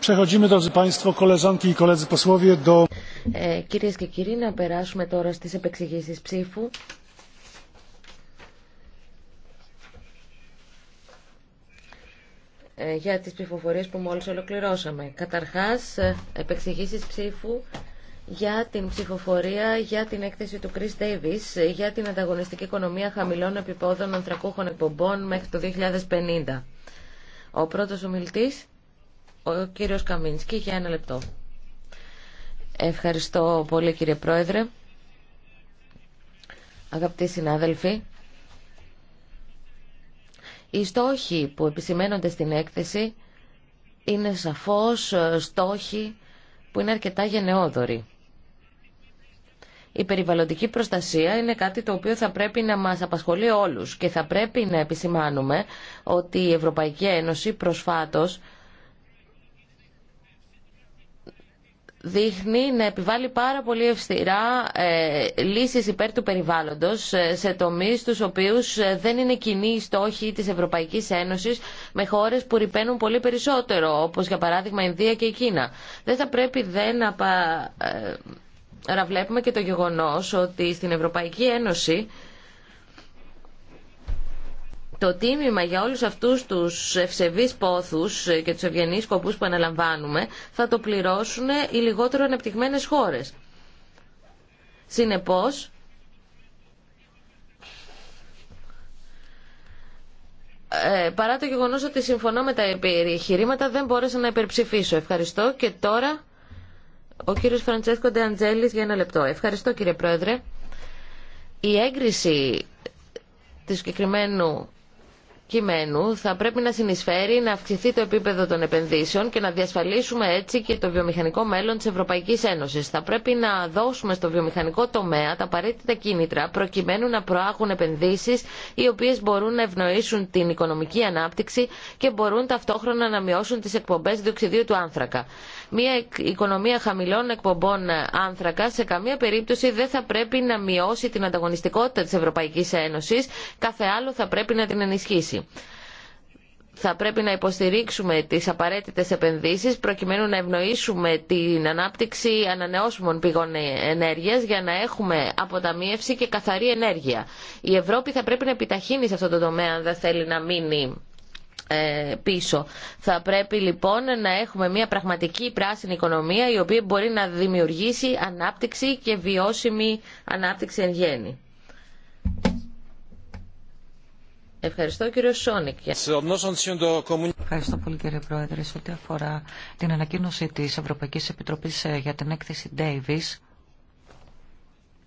Przechodzimy, drodzy Państwo, koleżanki i koledzy posłowie, do... Kyrie i Kyrie, na przejście teraz do wyjaśnienia głosowania. για τις ψηφοφορίες που μόλις ολοκληρώσαμε. Καταρχάς, ε, επεξηγήσεις ψήφου για την ψηφοφορία για την έκθεση του Chris Davis ε, για την ανταγωνιστική οικονομία χαμηλών επιπόδων ανθρακούχων εκπομπών μέχρι το 2050. Ο πρώτος ομιλητής, ο κύριος Καμίνσκι, για ένα λεπτό. Ευχαριστώ πολύ κύριε Πρόεδρε. Αγαπητοί συνάδελφοι, οι στόχοι που επισημαίνονται στην έκθεση είναι σαφώς ε, στόχοι που είναι αρκετά γενναιόδοροι. Η περιβαλλοντική προστασία είναι κάτι το οποίο θα πρέπει να μας απασχολεί όλους και θα πρέπει να επισημάνουμε ότι η Ευρωπαϊκή Ένωση προσφάτως δείχνει να επιβάλλει πάρα πολύ ευστηρά ε, λύσεις υπέρ του περιβάλλοντος ε, σε τομείς τους οποίους ε, δεν είναι κοινοί οι στόχοι της Ευρωπαϊκής Ένωσης με χώρες που ρηπαίνουν πολύ περισσότερο, όπως για παράδειγμα η Ινδία και η Κίνα. Δεν θα πρέπει δεν ε, να βλέπουμε και το γεγονός ότι στην Ευρωπαϊκή Ένωση το τίμημα για όλους αυτούς τους ευσεβείς πόθους και τους ευγενείς σκοπούς που αναλαμβάνουμε θα το πληρώσουν οι λιγότερο ανεπτυγμένες χώρες. Συνεπώς, ε, παρά το γεγονός ότι συμφωνώ με τα επιχειρήματα δεν μπόρεσα να υπερψηφίσω. Ευχαριστώ και τώρα ο κύριος Φραντσέσκο Ντεαντζέλης για ένα λεπτό. Ευχαριστώ κύριε Πρόεδρε. Η έγκριση του συγκεκριμένου κειμένου θα πρέπει να συνεισφέρει να αυξηθεί το επίπεδο των επενδύσεων και να διασφαλίσουμε έτσι και το βιομηχανικό μέλλον της Ευρωπαϊκής Ένωσης. Θα πρέπει να δώσουμε στο βιομηχανικό τομέα τα απαραίτητα κίνητρα προκειμένου να προάγουν επενδύσεις οι οποίες μπορούν να ευνοήσουν την οικονομική ανάπτυξη και μπορούν ταυτόχρονα να μειώσουν τις εκπομπές διοξιδίου του άνθρακα. Μία οικονομία χαμηλών εκπομπών ε, άνθρακα σε καμία περίπτωση δεν θα πρέπει να μειώσει την ανταγωνιστικότητα της Ευρωπαϊκής Ένωσης, κάθε άλλο θα πρέπει να την ενισχύσει θα πρέπει να υποστηρίξουμε τις απαραίτητες επενδύσεις προκειμένου να ευνοήσουμε την ανάπτυξη ανανεώσιμων πηγών ε, ενέργειας για να έχουμε αποταμίευση και καθαρή ενέργεια. Η Ευρώπη θα πρέπει να επιταχύνει σε αυτό το τομέα αν δεν θέλει να μείνει ε, πίσω. Θα πρέπει λοιπόν να έχουμε μια πραγματική πράσινη οικονομία η οποία μπορεί να δημιουργήσει ανάπτυξη και βιώσιμη ανάπτυξη εν γέννη. Ευχαριστώ κύριο Σόνικ. Ευχαριστώ πολύ κύριε Πρόεδρε. Σε ό,τι αφορά την ανακοίνωση της Ευρωπαϊκής Επιτροπής ε, για την έκθεση Davis,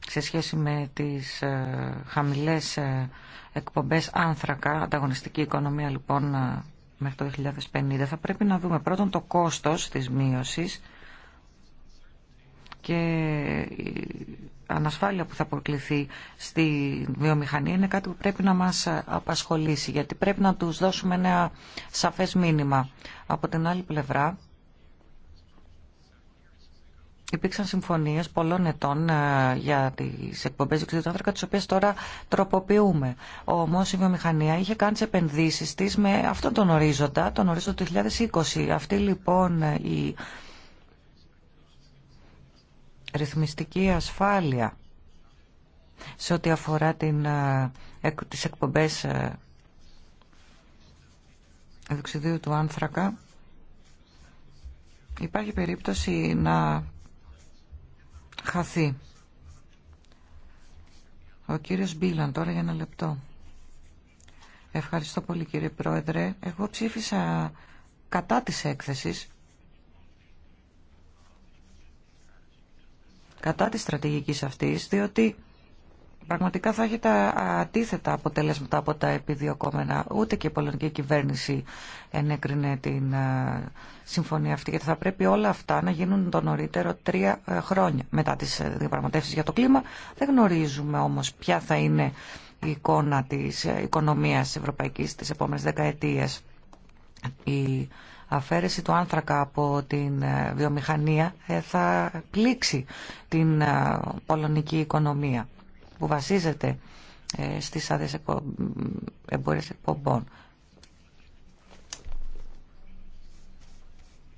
σε σχέση με τις ε, χαμηλές ε, εκπομπές άνθρακα, ανταγωνιστική οικονομία λοιπόν ε, μέχρι το 2050, θα πρέπει να δούμε πρώτον το κόστος της μείωσης και η ανασφάλεια που θα προκληθεί στη βιομηχανία είναι κάτι που πρέπει να μας απασχολήσει, γιατί πρέπει να τους δώσουμε ένα σαφές μήνυμα. Από την άλλη πλευρά, υπήρξαν συμφωνίε πολλών ετών ε, για τι εκπομπέ του άνθρακα, τι οποίε τώρα τροποποιούμε. Όμω η βιομηχανία είχε κάνει τι επενδύσει τη με αυτόν τον ορίζοντα, τον ορίζοντα του 2020. Αυτή λοιπόν η ρυθμιστική ασφάλεια σε ό,τι αφορά την, ε, τις εκπομπές ε, διοξιδίου του άνθρακα υπάρχει περίπτωση να χαθεί. Ο κύριος Μπίλαν τώρα για ένα λεπτό. Ευχαριστώ πολύ κύριε Πρόεδρε. Εγώ ψήφισα κατά της έκθεσης. Κατά της στρατηγικής αυτής, διότι πραγματικά θα έχετε τα αντίθετα αποτελέσματα από τα επιδιωκόμενα. Ούτε και η πολωνική κυβέρνηση ενέκρινε την ε, συμφωνία αυτή, γιατί θα πρέπει όλα αυτά να γίνουν το νωρίτερο τρία ε, χρόνια μετά τις ε, διαπραγματεύσεις για το κλίμα. Δεν γνωρίζουμε όμως ποια θα είναι η εικόνα της οικονομίας ευρωπαϊκής της επόμενες δεκαετίες. Η αφαίρεση του άνθρακα από την βιομηχανία θα πλήξει την πολωνική οικονομία που βασίζεται ε, στις άδειες εμπορίες εκπομπών.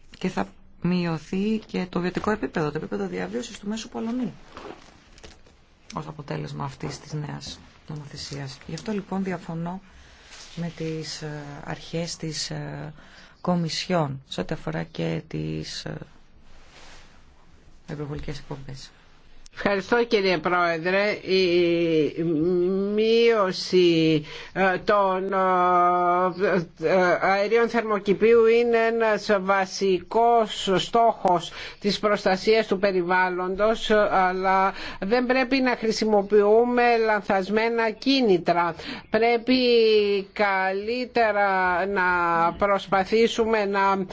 Και θα μειωθεί και το βιωτικό επίπεδο, το επίπεδο διαβίωσης του μέσου Πολωνίου ως αποτέλεσμα αυτής της νέας νομοθεσίας. Γι' αυτό λοιπόν διαφωνώ με τις ε, αρχές της ε, Κομισιόν σε ό,τι αφορά και τις ευρωβουλικές εκπομπές. Ευχαριστώ κύριε Πρόεδρε. Η μείωση ε, των ε, ε, αερίων θερμοκηπίου είναι ένας βασικός στόχος της προστασίας του περιβάλλοντος αλλά δεν πρέπει να χρησιμοποιούμε λανθασμένα κίνητρα. Πρέπει καλύτερα να προσπαθήσουμε να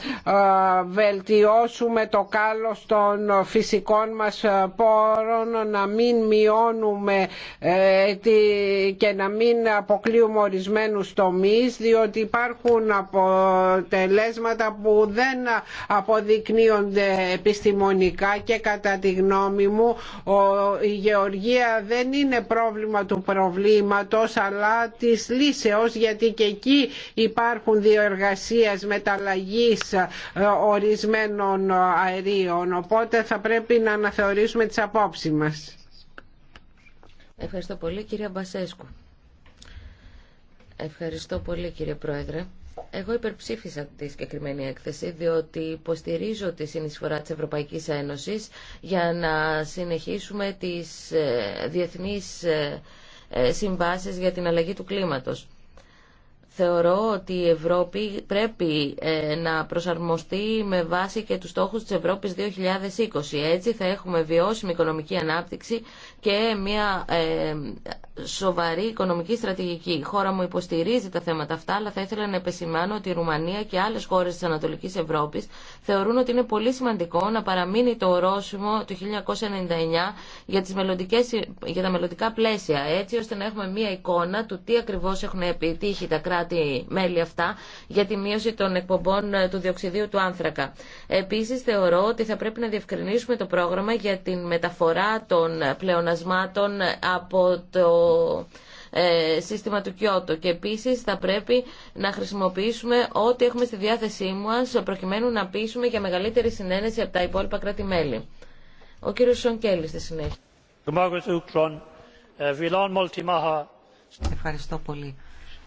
βελτιώσουμε το καλό των φυσικών μας πόρων χρόνο να μην μειώνουμε ε, και να μην αποκλείουμε ορισμένους τομείς διότι υπάρχουν αποτελέσματα που δεν αποδεικνύονται επιστημονικά και κατά τη γνώμη μου η γεωργία δεν είναι πρόβλημα του προβλήματος αλλά της λύσεως γιατί και εκεί υπάρχουν διοργασίες μεταλλαγής ε, ορισμένων αερίων οπότε θα πρέπει να αναθεωρήσουμε τις απόψεις Ευχαριστώ πολύ κύριε Μπασέσκου. Ευχαριστώ πολύ κύριε Πρόεδρε. Εγώ υπερψήφισα τη συγκεκριμένη έκθεση διότι υποστηρίζω τη συνεισφορά της Ευρωπαϊκής Ένωσης για να συνεχίσουμε τις ε, διεθνείς ε, ε, συμβάσεις για την αλλαγή του κλίματος. Θεωρώ ότι η Ευρώπη πρέπει ε, να προσαρμοστεί με βάση και τους στόχους της Ευρώπης 2020. Έτσι θα έχουμε βιώσιμη οικονομική ανάπτυξη και μια ε, σοβαρή οικονομική στρατηγική. Η χώρα μου υποστηρίζει τα θέματα αυτά, αλλά θα ήθελα να επισημάνω ότι η Ρουμανία και άλλε χώρε τη Ανατολική Ευρώπη θεωρούν ότι είναι πολύ σημαντικό να παραμείνει το ορόσημο του 1999 για, τις μελλοντικές, για τα μελλοντικά πλαίσια, έτσι ώστε να έχουμε μία εικόνα του τι ακριβώ έχουν επιτύχει τα κράτη-μέλη αυτά για τη μείωση των εκπομπών του διοξιδίου του άνθρακα. Επίση, θεωρώ ότι θα πρέπει να διευκρινίσουμε το πρόγραμμα για την μεταφορά των πλεονασμάτων από το ε, σύστημα του Κιώτο και επίσης θα πρέπει να χρησιμοποιήσουμε ό,τι έχουμε στη διάθεσή μας προκειμένου να πείσουμε για μεγαλύτερη συνένεση από τα υπόλοιπα κράτη-μέλη. Ο κύριος Σονκέλη στη συνέχεια. Ευχαριστώ πολύ.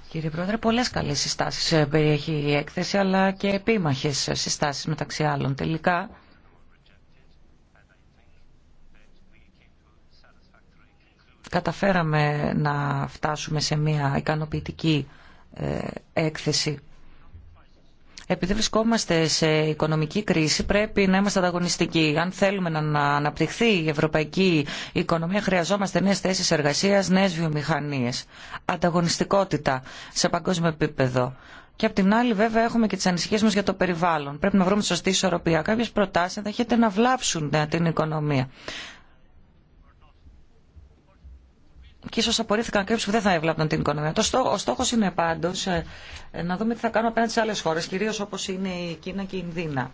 Κύριε Πρόεδρε, πολλές καλές συστάσεις ε, περιέχει η έκθεση, αλλά και επίμαχες συστάσεις μεταξύ άλλων. Τελικά, καταφέραμε να φτάσουμε σε μια ικανοποιητική ε, έκθεση. Επειδή βρισκόμαστε σε οικονομική κρίση πρέπει να είμαστε ανταγωνιστικοί. Αν θέλουμε να αναπτυχθεί η ευρωπαϊκή οικονομία χρειαζόμαστε νέες θέσεις εργασία, νέε βιομηχανίε, Ανταγωνιστικότητα σε παγκόσμιο επίπεδο. Και απ' την άλλη βέβαια έχουμε και τι ανησυχίε μα για το περιβάλλον. Πρέπει να βρούμε σωστή ισορροπία. κάποιε προτάσει ενδέχεται να βλάψουν την οικονομία και ίσω απορρίφθηκαν κάποιοι που δεν θα έβλαπαν την οικονομία. Το στόχο, ο στόχο είναι πάντω ε, ε, να δούμε τι θα κάνουμε απέναντι σε άλλε χώρε, κυρίω όπω είναι η Κίνα και η Ινδίνα.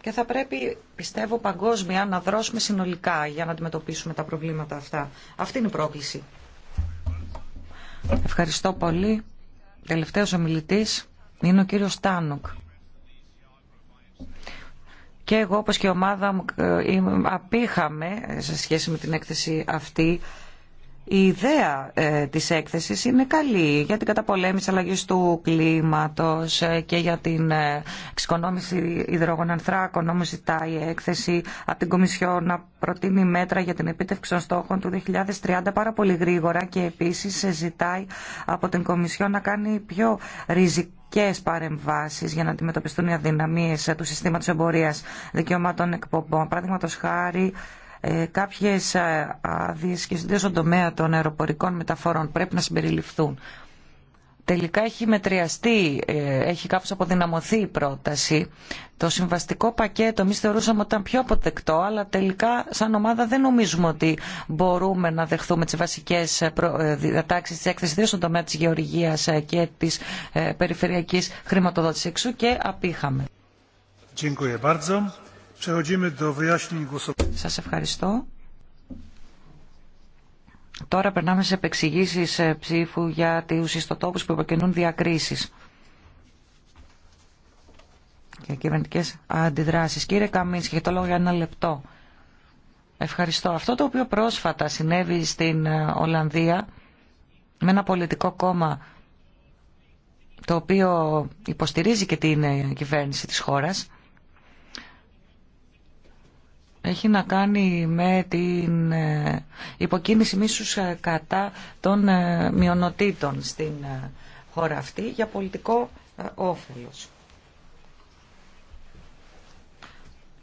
Και θα πρέπει, πιστεύω, παγκόσμια να δρώσουμε συνολικά για να αντιμετωπίσουμε τα προβλήματα αυτά. Αυτή είναι η πρόκληση. Ευχαριστώ πολύ. Τελευταίο ομιλητή είναι ο κύριο Τάνοκ. Και εγώ, όπως και η ομάδα μου, ε, απήχαμε σε σχέση με την έκθεση αυτή η ιδέα ε, της έκθεσης είναι καλή για την καταπολέμηση αλλαγής του κλίματος ε, και για την ε, εξοικονόμηση υδρόγων ανθράκων. Όμως ζητάει η έκθεση από την Κομισιό να προτείνει μέτρα για την επίτευξη των στόχων του 2030 πάρα πολύ γρήγορα και επίσης ζητάει από την Κομισιό να κάνει πιο ριζικές και παρεμβάσει για να αντιμετωπιστούν οι αδυναμίε του συστήματο εμπορία δικαιωμάτων εκπομπών. Παραδείγματο χάρη, ε, κάποιες ε, άδειε και στον τομέα των αεροπορικών μεταφορών πρέπει να συμπεριληφθούν. Τελικά έχει μετριαστεί, ε, έχει κάπως αποδυναμωθεί η πρόταση. Το συμβαστικό πακέτο εμεί θεωρούσαμε ότι ήταν πιο αποτεκτό αλλά τελικά σαν ομάδα δεν νομίζουμε ότι μπορούμε να δεχθούμε τις βασικές διατάξεις τη έκθεση στον τομέα της γεωργίας και της περιφερειακής χρηματοδότησης εξού και απήχαμε. Σας ευχαριστώ. Τώρα περνάμε σε επεξηγήσεις ψήφου για του ιστοτόπους που υποκινούν διακρίσεις και κυβερνητικέ αντιδράσεις. Κύριε Καμίνσκι, για το λόγο για ένα λεπτό. Ευχαριστώ. Αυτό το οποίο πρόσφατα συνέβη στην ε, Ολλανδία με ένα πολιτικό κόμμα το οποίο υποστηρίζει και την ε, κυβέρνηση της χώρας έχει να κάνει με την ε, υποκίνηση μίσους ε, κατά των ε, μειονοτήτων στην χώρα αυτή για πολιτικό όφελος.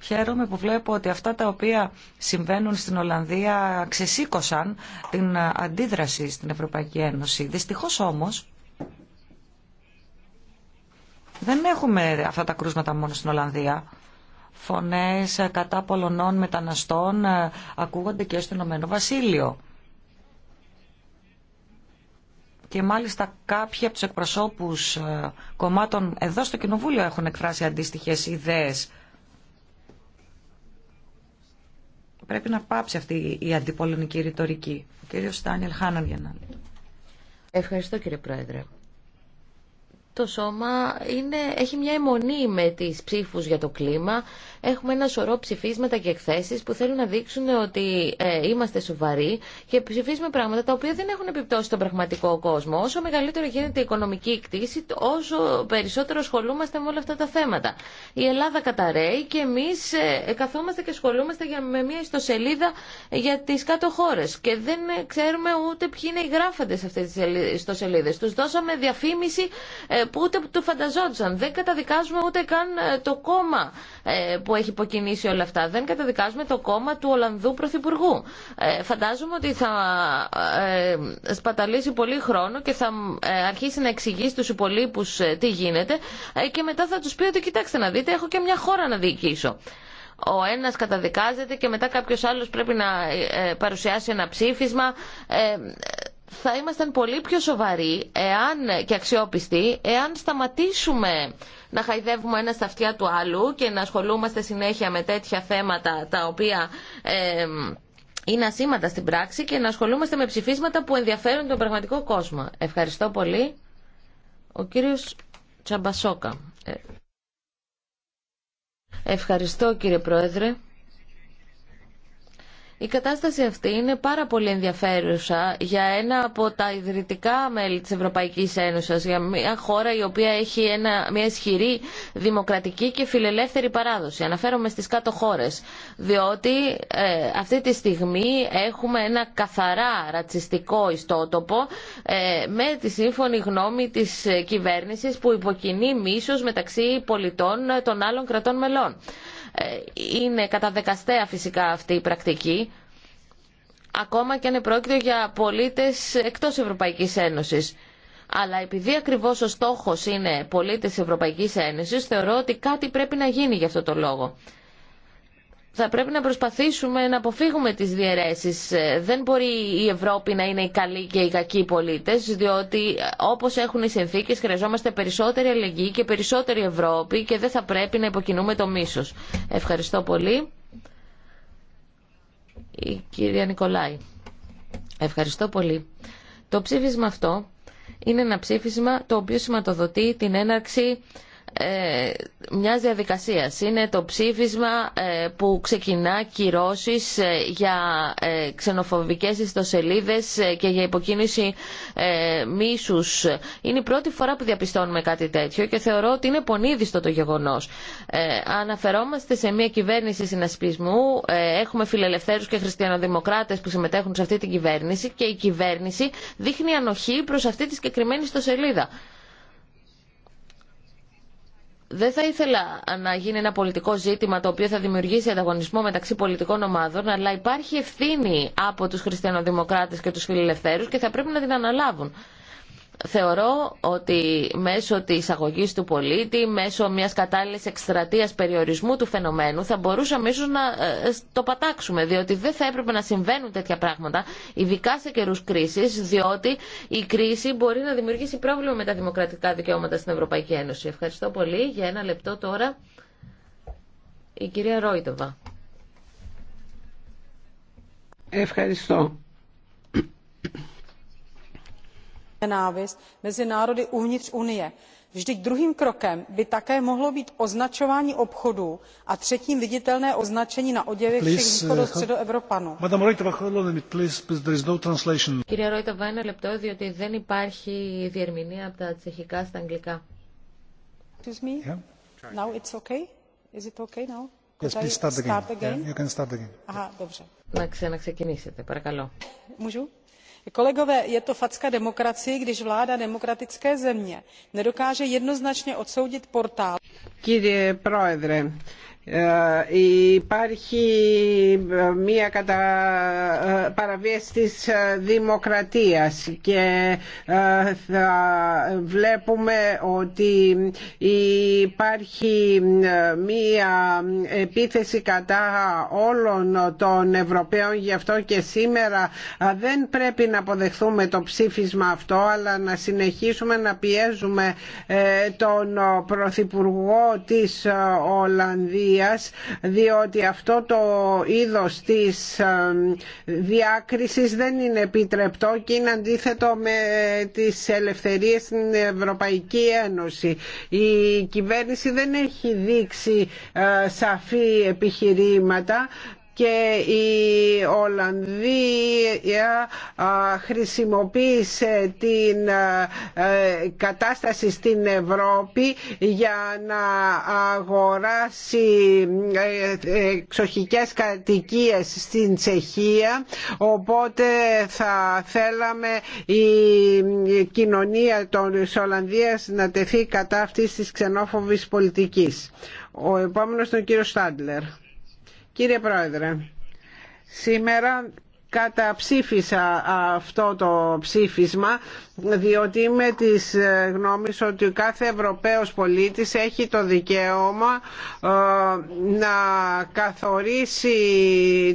Χαίρομαι που βλέπω ότι αυτά τα οποία συμβαίνουν στην Ολλανδία ξεσήκωσαν την αντίδραση στην Ευρωπαϊκή Ένωση. Δυστυχώς όμως δεν έχουμε αυτά τα κρούσματα μόνο στην Ολλανδία φωνές κατά Πολωνών μεταναστών ε, ακούγονται και στο Ηνωμένο Βασίλειο. Και μάλιστα κάποιοι από τους εκπροσώπους ε, κομμάτων εδώ στο Κοινοβούλιο έχουν εκφράσει αντίστοιχες ιδέες. Πρέπει να πάψει αυτή η αντιπολωνική ρητορική. Ο κύριος Στάνιελ Χάναν για να Ευχαριστώ κύριε Πρόεδρε το σώμα είναι, έχει μια αιμονή με τις ψήφους για το κλίμα. Έχουμε ένα σωρό ψηφίσματα και εκθέσεις που θέλουν να δείξουν ότι ε, είμαστε σοβαροί και ψηφίζουμε πράγματα τα οποία δεν έχουν επιπτώσει στον πραγματικό κόσμο. Όσο μεγαλύτερο γίνεται η οικονομική κτήση, όσο περισσότερο ασχολούμαστε με όλα αυτά τα θέματα. Η Ελλάδα καταραίει και εμείς ε, καθόμαστε και ασχολούμαστε για, με μια ιστοσελίδα για τις κάτω χώρες και δεν ξέρουμε ούτε ποιοι είναι οι γράφαντες αυτές τις ιστοσελίδες. Τους δώσαμε διαφήμιση ε, που ούτε το φανταζόντουσαν. Δεν καταδικάζουμε ούτε καν ε, το κόμμα ε, που έχει υποκινήσει όλα αυτά. Δεν καταδικάζουμε το κόμμα του Ολλανδού Πρωθυπουργού. Ε, φαντάζομαι ότι θα σπαταλήσει πολύ χρόνο και θα αρχίσει να εξηγεί στους υπολείπους τι γίνεται και μετά θα τους πει ότι κοιτάξτε να δείτε έχω και μια χώρα να διοικήσω ο ένας καταδικάζεται και μετά κάποιος άλλος πρέπει να παρουσιάσει ένα ψήφισμα θα ήμασταν πολύ πιο σοβαροί εάν, και αξιόπιστοι εάν σταματήσουμε να χαϊδεύουμε ένα στα αυτιά του άλλου και να ασχολούμαστε συνέχεια με τέτοια θέματα τα οποία ε, είναι ασήμαντα στην πράξη και να ασχολούμαστε με ψηφίσματα που ενδιαφέρουν τον πραγματικό κόσμο. Ευχαριστώ πολύ. Ο κύριος Τσαμπασόκα. Ε, ευχαριστώ κύριε Πρόεδρε. Η κατάσταση αυτή είναι πάρα πολύ ενδιαφέρουσα για ένα από τα ιδρυτικά μέλη της Ευρωπαϊκής Ένωσης, για μια χώρα η οποία έχει ένα, μια ισχυρή δημοκρατική και φιλελεύθερη παράδοση. Αναφέρομαι στις κάτω χώρες, διότι ε, αυτή τη στιγμή έχουμε ένα καθαρά ρατσιστικό ιστότοπο ε, με τη σύμφωνη γνώμη της κυβέρνησης που υποκινεί μίσος μεταξύ πολιτών των άλλων κρατών μελών. Ε, είναι δεκαστέα φυσικά αυτή η πρακτική, ακόμα και αν πρόκειται για πολίτες εκτός Ευρωπαϊκής Ένωσης. Αλλά επειδή ακριβώς ο στόχος είναι πολίτες Ευρωπαϊκής Ένωσης, θεωρώ ότι κάτι πρέπει να γίνει για αυτό το λόγο θα πρέπει να προσπαθήσουμε να αποφύγουμε τις διαιρέσεις. Ε, δεν μπορεί η Ευρώπη να είναι οι καλοί και οι κακοί πολίτες, διότι ε, όπως έχουν οι συνθήκες χρειαζόμαστε περισσότερη αλληλεγγύη και περισσότερη Ευρώπη και δεν θα πρέπει να υποκινούμε το μίσος. Ευχαριστώ πολύ. Η κυρία Νικολάη. Ευχαριστώ πολύ. Το ψήφισμα αυτό είναι ένα ψήφισμα το οποίο σηματοδοτεί την έναρξη ε, μιας διαδικασίας. Είναι το ψήφισμα ε, που ξεκινά κυρώσεις ε, για ε, ξενοφοβικές ιστοσελίδες ε, και για υποκίνηση μίσου. Είναι η πρώτη φορά που διαπιστώνουμε κάτι τέτοιο και θεωρώ ότι είναι πονίδιστο το γεγονός. Αναφερόμαστε σε μια κυβέρνηση συνασπισμού, έχουμε φιλελευθέρους και χριστιανοδημοκράτες που συμμετέχουν σε αυτή την κυβέρνηση και η κυβέρνηση δείχνει ανοχή προ αυτή τη συγκεκριμένη ιστοσελίδα δεν θα ήθελα να γίνει ένα πολιτικό ζήτημα το οποίο θα δημιουργήσει ανταγωνισμό μεταξύ πολιτικών ομάδων, αλλά υπάρχει ευθύνη από τους χριστιανοδημοκράτες και τους φιλελευθέρους και θα πρέπει να την αναλάβουν. Θεωρώ ότι μέσω της αγωγής του πολίτη, μέσω μιας κατάλληλης εκστρατεία περιορισμού του φαινομένου θα μπορούσαμε ίσως να ε, το πατάξουμε, διότι δεν θα έπρεπε να συμβαίνουν τέτοια πράγματα, ειδικά σε καιρούς κρίσης, διότι η κρίση μπορεί να δημιουργήσει πρόβλημα με τα δημοκρατικά δικαιώματα στην Ευρωπαϊκή Ένωση. Ευχαριστώ πολύ. Για ένα λεπτό τώρα η κυρία Ρόιτοβα. Ευχαριστώ. nenávist mezi národy uvnitř unie. vždyť druhým krokem by také mohlo být označování obchodů a třetím viditelné označení na oděvech všech východostředoevropanů. Κυρία Να παρακαλώ. Můžu? Kolegové, je to facka demokracii když vláda demokratické země nedokáže jednoznačně odsoudit portál ε, υπάρχει ε, μία κατα... Ε, παραβίαση της δημοκρατίας και θα βλέπουμε ότι υπάρχει μία επίθεση κατά όλων των Ευρωπαίων γι' αυτό και σήμερα δεν πρέπει να αποδεχθούμε το ψήφισμα αυτό αλλά να συνεχίσουμε να πιέζουμε τον Πρωθυπουργό της Ολλανδίας διότι αυτό το είδος της ε, διάκρισης δεν είναι επιτρεπτό και είναι αντίθετο με τις ελευθερίες στην Ευρωπαϊκή Ένωση. Η κυβέρνηση δεν έχει δείξει ε, σαφή επιχειρήματα και η Ολλανδία χρησιμοποίησε την ε, κατάσταση στην Ευρώπη για να αγοράσει ε, ε, εξοχικές κατοικίες στην Τσεχία οπότε θα θέλαμε η κοινωνία των Ολλανδίας να τεθεί κατά αυτής της ξενόφοβης πολιτικής. Ο επόμενος τον κύριο Στάντλερ. Κύριε Πρόεδρε, σήμερα καταψήφισα αυτό το ψήφισμα διότι είμαι της ε, γνώμης ότι κάθε Ευρωπαίος πολίτης έχει το δικαίωμα ε, να καθορίσει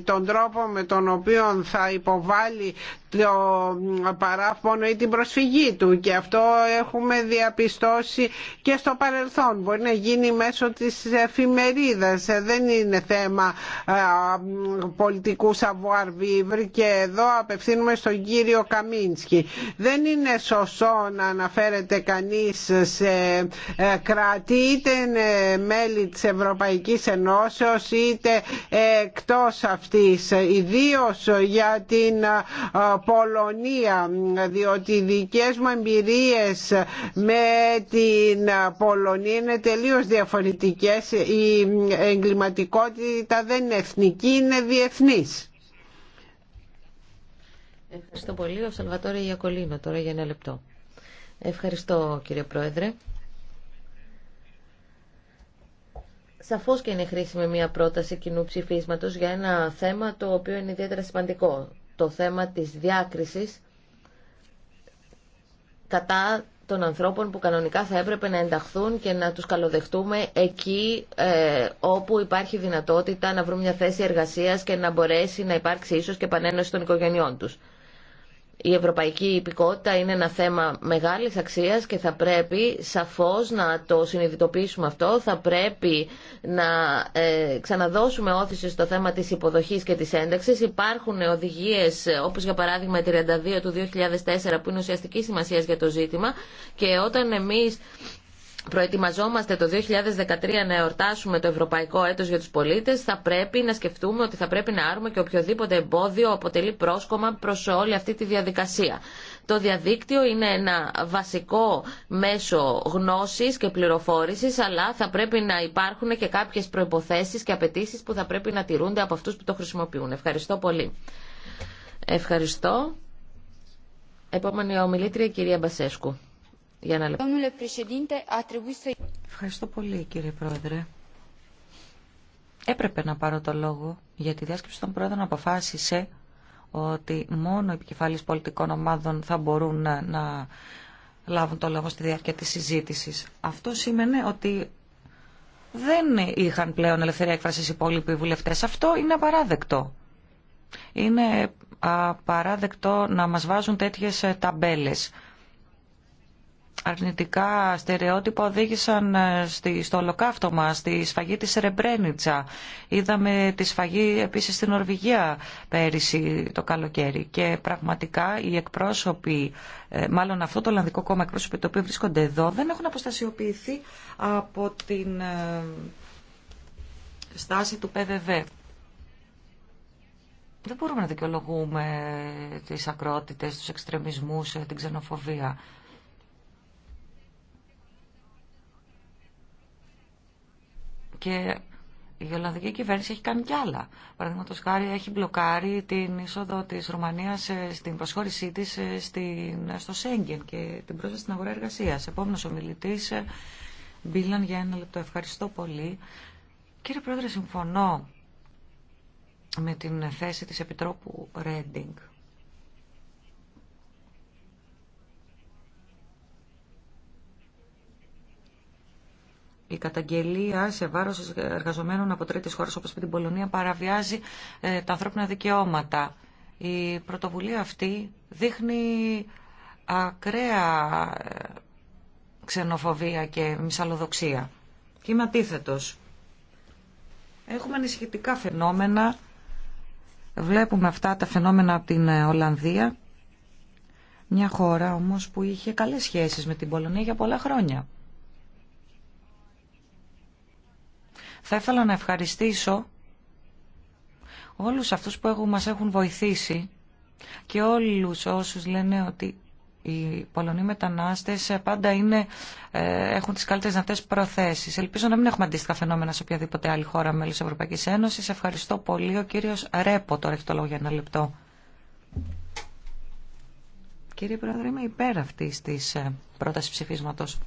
τον τρόπο με τον οποίο θα υποβάλει το παράφωνο ή την προσφυγή του και αυτό έχουμε διαπιστώσει και στο παρελθόν. Μπορεί να γίνει μέσω της εφημερίδας. Δεν είναι θέμα ε, πολιτικού σαβουάρ και εδώ απευθύνουμε στον κύριο Καμίνσκι. Δεν είναι σωστό να αναφέρεται κανείς σε ε, κράτη είτε είναι μέλη της Ευρωπαϊκής Ενώσεως είτε εκτός αυτής. Ιδίως για την ε, Πολωνία διότι οι δικές μου εμπειρίες με την Πολωνία είναι τελείως διαφορετικές η εγκληματικότητα δεν είναι εθνική, είναι διεθνής Ευχαριστώ πολύ. Ο Σαλβατόρη Ιακολίνο τώρα για ένα λεπτό. Ευχαριστώ κύριε Πρόεδρε. Σαφώς και είναι χρήσιμη μια πρόταση κοινού ψηφίσματος για ένα θέμα το οποίο είναι ιδιαίτερα σημαντικό το θέμα της διάκρισης κατά των ανθρώπων που κανονικά θα έπρεπε να ενταχθούν και να τους καλοδεχτούμε εκεί ε, όπου υπάρχει δυνατότητα να βρουν μια θέση εργασίας και να μπορέσει να υπάρξει ίσως και πανένωση των οικογενειών τους. Η ευρωπαϊκή υπηκότητα είναι ένα θέμα μεγάλης αξίας και θα πρέπει σαφώς να το συνειδητοποιήσουμε αυτό. Θα πρέπει να ε, ξαναδώσουμε όθηση στο θέμα της υποδοχής και της ένταξης. Υπάρχουν οδηγίες όπως για παράδειγμα η 32 του 2004 που είναι ουσιαστική σημασία για το ζήτημα και όταν εμείς προετοιμαζόμαστε το 2013 να εορτάσουμε το Ευρωπαϊκό Έτος για τους πολίτες, θα πρέπει να σκεφτούμε ότι θα πρέπει να άρουμε και οποιοδήποτε εμπόδιο αποτελεί πρόσκομα προς όλη αυτή τη διαδικασία. Το διαδίκτυο είναι ένα βασικό μέσο γνώσης και πληροφόρησης, αλλά θα πρέπει να υπάρχουν και κάποιες προϋποθέσεις και απαιτήσει που θα πρέπει να τηρούνται από αυτούς που το χρησιμοποιούν. Ευχαριστώ πολύ. Ευχαριστώ. Επόμενη ομιλήτρια, κυρία Μπασέσκου. Ευχαριστώ πολύ κύριε Πρόεδρε. Έπρεπε να πάρω το λόγο γιατί η διάσκεψη των Πρόεδρων αποφάσισε ότι μόνο οι επικεφαλείς πολιτικών ομάδων θα μπορούν να, να λάβουν το λόγο στη διάρκεια της συζήτησης. Αυτό σήμαινε ότι δεν είχαν πλέον ελευθερία έκφρασης οι υπόλοιποι βουλευτές. Αυτό είναι απαράδεκτο. Είναι απαράδεκτο να μας βάζουν τέτοιες ταμπέλες αρνητικά στερεότυπα οδήγησαν ε, στο ολοκαύτωμα, στη σφαγή της Ρεμπρένιτσα. Είδαμε τη σφαγή επίσης στην Ορβηγία πέρυσι το καλοκαίρι και πραγματικά οι εκπρόσωποι, ε, μάλλον αυτό το Ολλανδικό Κόμμα εκπρόσωποι το οποίο βρίσκονται εδώ δεν έχουν αποστασιοποιηθεί από την ε, στάση του ΠΒΒ. Δεν μπορούμε να δικαιολογούμε τις ακρότητες, τους εξτρεμισμούς, την ξενοφοβία. Και η Ολλανδική κυβέρνηση έχει κάνει κι άλλα. Παραδείγματο χάρη έχει μπλοκάρει την είσοδο τη Ρουμανία ε, στην προσχώρησή τη ε, στο Σέγγεν και την πρόσβαση στην αγορά εργασία. Επόμενο ομιλητή, ε, Μπίλαν, για ένα λεπτό. Ευχαριστώ πολύ. Κύριε Πρόεδρε, συμφωνώ με την θέση της Επιτρόπου Ρέντινγκ Η καταγγελία σε βάρος εργαζομένων από τρίτες χώρες όπως την Πολωνία παραβιάζει ε, τα ανθρώπινα δικαιώματα. Η πρωτοβουλία αυτή δείχνει ακραία ε, ξενοφοβία και μυσαλλοδοξία. Και είμαι αντίθετος. Έχουμε ανησυχητικά φαινόμενα. Βλέπουμε αυτά τα φαινόμενα από την ε, Ολλανδία. Μια χώρα όμως που είχε καλές σχέσεις με την Πολωνία για πολλά χρόνια. Θα ήθελα να ευχαριστήσω όλους αυτούς που μας έχουν βοηθήσει και όλους όσους λένε ότι οι Πολωνοί μετανάστες πάντα είναι, ε, έχουν τις καλύτερες δυνατές προθέσεις. Ελπίζω να μην έχουμε αντίστοιχα φαινόμενα σε οποιαδήποτε άλλη χώρα μέλος της Ευρωπαϊκής Ένωσης. Ευχαριστώ πολύ. Ο κύριος Ρέπο τώρα έχει το λόγο για ένα λεπτό. Κύριε Πρόεδρε, είμαι υπέρ αυτής της ε, πρότασης ψηφίσματος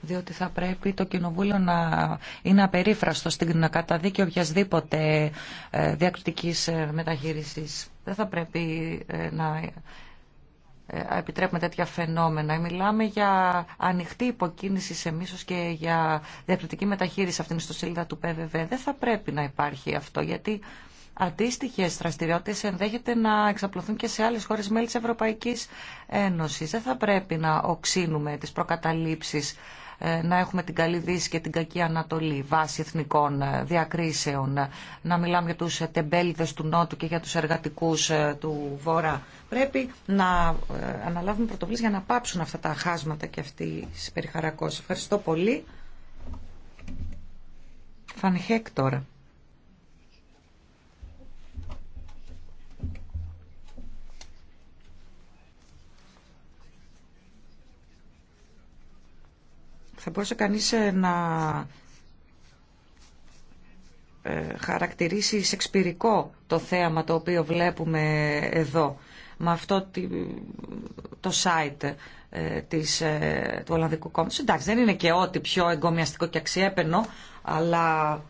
διότι θα πρέπει το Κοινοβούλιο να είναι απερίφραστο στην καταδίκη οποιασδήποτε ε, διακριτικής ε, μεταχείρισης. Δεν θα πρέπει ε, να επιτρέπουμε τέτοια φαινόμενα. Μιλάμε για ανοιχτή υποκίνηση σε μίσος και για διακριτική μεταχείριση αυτήν στο σελίδα του ΠΒΒ. Δεν θα πρέπει να υπάρχει αυτό, γιατί αντίστοιχε δραστηριότητε ενδέχεται να εξαπλωθούν και σε άλλε χώρε μέλη τη Ευρωπαϊκή Ένωση. Δεν θα πρέπει να οξύνουμε τι προκαταλήψει ε, να έχουμε την καλή Δύση και την κακή Ανατολή βάσει εθνικών ε, διακρίσεων, να μιλάμε για τους ε, τεμπέλιδες του Νότου και για τους εργατικούς του βόρα Πρέπει να αναλάβουμε πρωτοβουλίες για να πάψουν αυτά τα χάσματα και αυτή η περιχαρακώση. Ευχαριστώ πολύ. τώρα. Θα μπορούσε κανείς ε, να ε, χαρακτηρίσει σεξπυρικό το θέαμα το οποίο βλέπουμε εδώ με αυτό το site ε, της, του Ολλανδικού κόμματο. Εντάξει, δεν είναι και ό,τι πιο εγκομιαστικό και αξιέπαινο, αλλά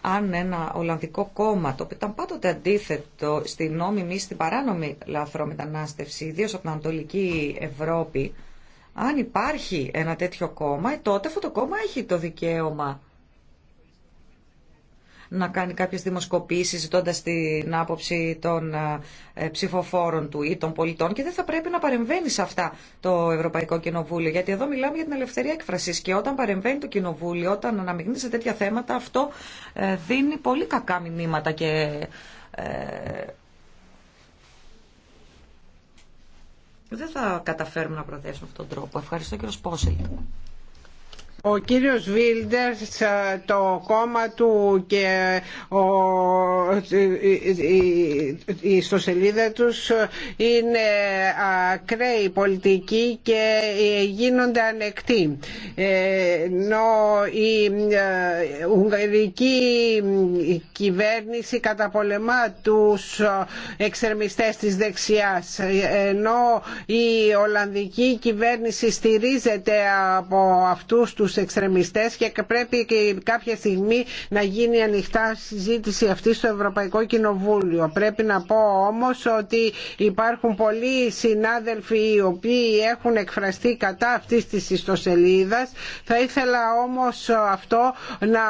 αν ένα Ολλανδικό κόμμα, το οποίο ήταν πάντοτε αντίθετο στην νόμιμη ή στην παράνομη λαθρομετανάστευση, ιδίω από την Ανατολική Ευρώπη, αν υπάρχει ένα τέτοιο κόμμα, τότε αυτό το κόμμα έχει το δικαίωμα να κάνει κάποιες δημοσκοπήσεις ζητώντα την άποψη των ε, ψηφοφόρων του ή των πολιτών και δεν θα πρέπει να παρεμβαίνει σε αυτά το Ευρωπαϊκό Κοινοβούλιο γιατί εδώ μιλάμε για την ελευθερία έκφρασης και όταν παρεμβαίνει το Κοινοβούλιο, όταν αναμειγνύει σε τέτοια θέματα αυτό ε, δίνει πολύ κακά μηνύματα και ε, δεν θα καταφέρουμε να προθέσουμε αυτόν τον τρόπο. Ευχαριστώ κύριο Σπόσελ ο κύριος Βίλντερς ε, το κόμμα του και ο, ε, ε, η ιστοσελίδα τους είναι ακραίοι πολιτικοί και γίνονται ανεκτοί. Ενώ η ουγγαρική κυβέρνηση καταπολεμά τους εξερμιστές της δεξιάς. Ενώ η Ολλανδική κυβέρνηση στηρίζεται από αυτούς τους και πρέπει και κάποια στιγμή να γίνει ανοιχτά συζήτηση αυτή στο Ευρωπαϊκό Κοινοβούλιο. Πρέπει να πω όμως ότι υπάρχουν πολλοί συνάδελφοι οι οποίοι έχουν εκφραστεί κατά αυτή της ιστοσελίδα. Θα ήθελα όμως αυτό να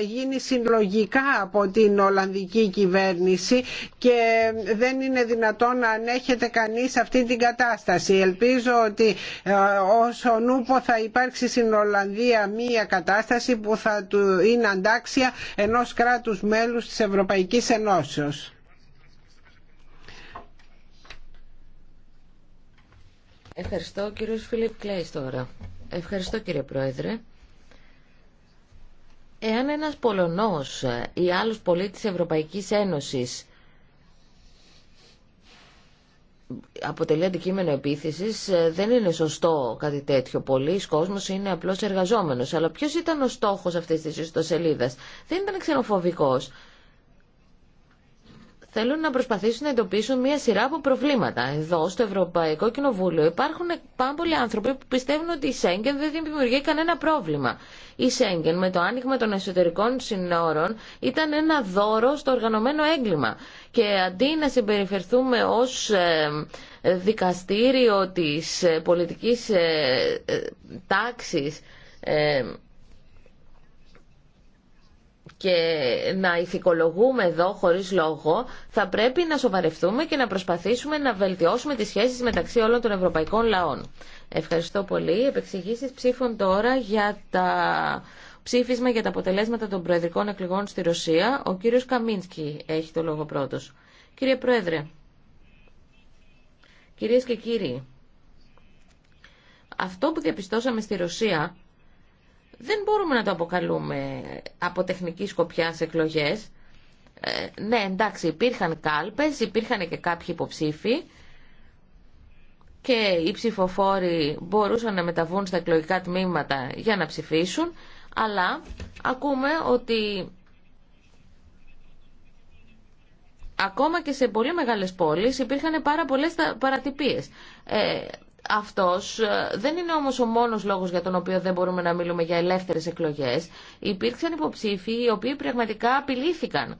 γίνει συλλογικά από την Ολλανδική κυβέρνηση και δεν είναι δυνατόν να ανέχεται κανεί αυτή την κατάσταση. Ελπίζω ότι όσο ε, νούπο θα υπάρξει στην Ολλανδία μια κατάσταση που θα του είναι αντάξια ενός κράτους μέλους της Ευρωπαϊκής Ενώσεως. Ευχαριστώ Φίλιπ τώρα. Ευχαριστώ κύριε Πρόεδρε. Εάν ένας Πολωνός ή άλλος πολίτης Ευρωπαϊκής Ένωσης αποτελεί αντικείμενο επίθεσης ε, δεν είναι σωστό κάτι τέτοιο. Πολλοί κόσμος είναι απλώς εργαζόμενος. Αλλά ποιος ήταν ο στόχος αυτής της ιστοσελίδα, Δεν ήταν ξενοφοβικό θέλουν να προσπαθήσουν να εντοπίσουν μια σειρά από προβλήματα. Εδώ, στο Ευρωπαϊκό Κοινοβούλιο, υπάρχουν πάρα πολλοί άνθρωποι που πιστεύουν ότι η Σέγγεν δεν δημιουργεί κανένα πρόβλημα. Η Σέγγεν με το άνοιγμα των εσωτερικών συνόρων ήταν ένα δώρο στο οργανωμένο έγκλημα. Και αντί να συμπεριφερθούμε ως ε, δικαστήριο της ε, πολιτικής ε, τάξης και να ηθικολογούμε εδώ χωρίς λόγο, θα πρέπει να σοβαρευτούμε και να προσπαθήσουμε να βελτιώσουμε τις σχέσεις μεταξύ όλων των ευρωπαϊκών λαών. Ευχαριστώ πολύ. Επεξηγήσεις ψήφων τώρα για τα ψήφισμα για τα αποτελέσματα των προεδρικών εκλογών στη Ρωσία. Ο κύριος Καμίνσκι έχει το λόγο πρώτος. Κύριε Πρόεδρε, κυρίες και κύριοι, αυτό που διαπιστώσαμε στη Ρωσία δεν μπορούμε να το αποκαλούμε από τεχνική σκοπιά εκλογές. Ε, ναι, εντάξει, υπήρχαν κάλπες, υπήρχαν και κάποιοι υποψήφοι και οι ψηφοφόροι μπορούσαν να μεταβούν στα εκλογικά τμήματα για να ψηφίσουν, αλλά ακούμε ότι ακόμα και σε πολύ μεγάλες πόλεις υπήρχαν πάρα πολλές παρατυπίες. Ε, αυτό ε, δεν είναι όμως ο μόνος λόγος για τον οποίο δεν μπορούμε να μιλούμε για ελεύθερες εκλογές. Υπήρξαν υποψήφοι οι οποίοι πραγματικά απειλήθηκαν.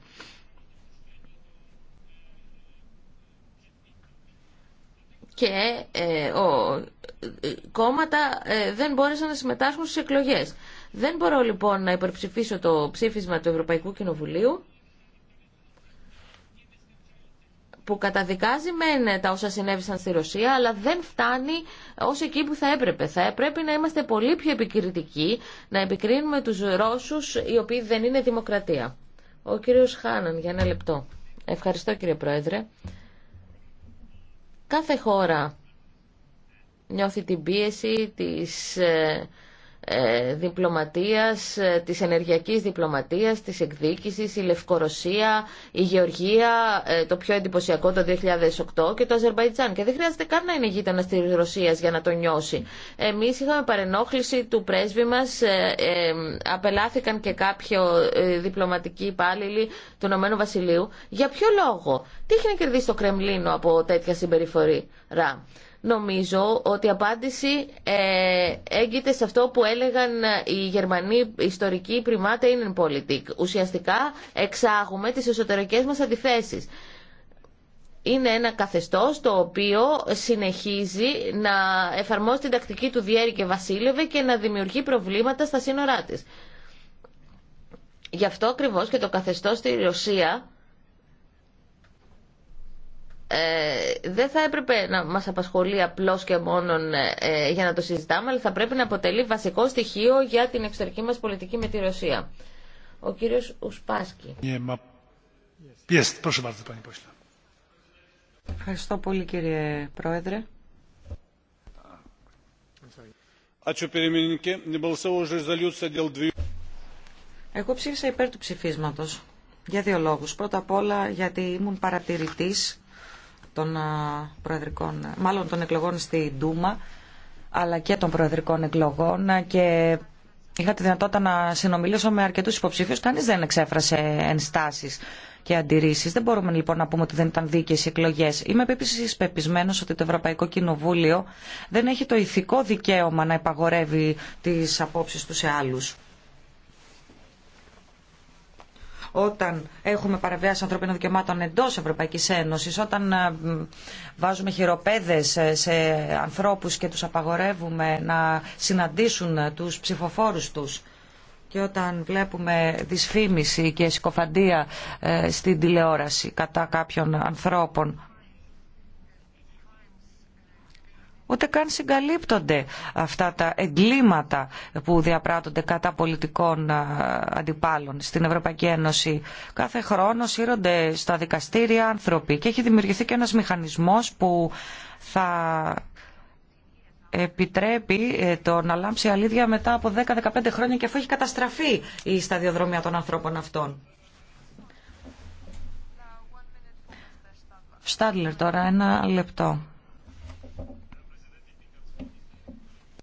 Και ε, ο, ε, κόμματα δεν μπόρεσαν να συμμετάσχουν στις εκλογές. Δεν μπορώ λοιπόν να υπερψηφίσω το ψήφισμα του Ευρωπαϊκού Κοινοβουλίου που καταδικάζει μεν τα όσα συνέβησαν στη Ρωσία, αλλά δεν φτάνει ως εκεί που θα έπρεπε. Θα έπρεπε να είμαστε πολύ πιο επικριτικοί, να επικρίνουμε τους Ρώσου οι οποίοι δεν είναι δημοκρατία. Ο κύριος Χάναν, για ένα λεπτό. Ευχαριστώ κύριε Πρόεδρε. Κάθε χώρα νιώθει την πίεση της ε, ε, διπλωματίας, ε, της ενεργειακής διπλωματίας, της εκδίκησης, η Λευκορωσία, η Γεωργία, ε, το πιο εντυπωσιακό το 2008 και το Αζερβαϊτζάν. Και δεν χρειάζεται καν να είναι γείτονα τη Ρωσία για να το νιώσει. Εμεί είχαμε παρενόχληση του πρέσβη μα, απελάθηκαν και κάποιο διπλωματικοί υπάλληλοι του Ηνωμένου Βασιλείου. Για ποιο λόγο, τι έχει να κερδίσει το Κρεμλίνο από τέτοια συμπεριφορή. Νομίζω ότι η απάντηση ε, έγκυται σε αυτό που έλεγαν οι Γερμανοί ιστορικοί πριμάτε είναι πολιτικ. Ουσιαστικά εξάγουμε τις εσωτερικές μας αντιθέσεις. Είναι ένα καθεστώς το οποίο συνεχίζει να εφαρμόζει την τακτική του Διέρη και Βασίλευε και να δημιουργεί προβλήματα στα σύνορά της. Γι' αυτό ακριβώς και το καθεστώς στη Ρωσία ε, δεν θα έπρεπε να μας απασχολεί απλώς και μόνο ε, για να το συζητάμε, αλλά θα πρέπει να αποτελεί βασικό στοιχείο για την εξωτερική μας πολιτική με τη Ρωσία. Ο κύριος Ουσπάσκη. Ε, Ευχαριστώ πολύ κύριε Πρόεδρε. Εγώ ψήφισα υπέρ του ψηφίσματος για δύο λόγους. Πρώτα απ' όλα γιατί ήμουν παρατηρητής των προεδρικών, μάλλον των εκλογών στη Ντούμα, αλλά και των προεδρικών εκλογών και είχα τη δυνατότητα να συνομιλήσω με αρκετούς υποψήφιους. Κανείς δεν εξέφρασε ενστάσεις και αντιρρήσεις. Δεν μπορούμε λοιπόν να πούμε ότι δεν ήταν δίκαιες οι εκλογές. Είμαι επίσης πεπισμένος ότι το Ευρωπαϊκό Κοινοβούλιο δεν έχει το ηθικό δικαίωμα να υπαγορεύει τις απόψεις του σε άλλους. όταν έχουμε παραβιάσει ανθρωπίνων δικαιωμάτων εντός Ευρωπαϊκής Ένωσης, όταν ε, βάζουμε χειροπέδες ε, σε ανθρώπους και τους απαγορεύουμε να συναντήσουν ε, τους ψηφοφόρους τους και όταν βλέπουμε δυσφήμιση και συκοφαντία στην τηλεόραση κατά κάποιων ανθρώπων ούτε καν συγκαλύπτονται αυτά τα εγκλήματα που διαπράττονται κατά πολιτικών αντιπάλων στην Ευρωπαϊκή Ένωση. Κάθε χρόνο σύρονται στα δικαστήρια άνθρωποι και έχει δημιουργηθεί και ένας μηχανισμός που θα επιτρέπει ε, το να λάμψει αλήθεια μετά από 10-15 χρόνια και αφού έχει καταστραφεί η σταδιοδρομία των ανθρώπων αυτών. Στάντλερ τώρα, ένα λεπτό.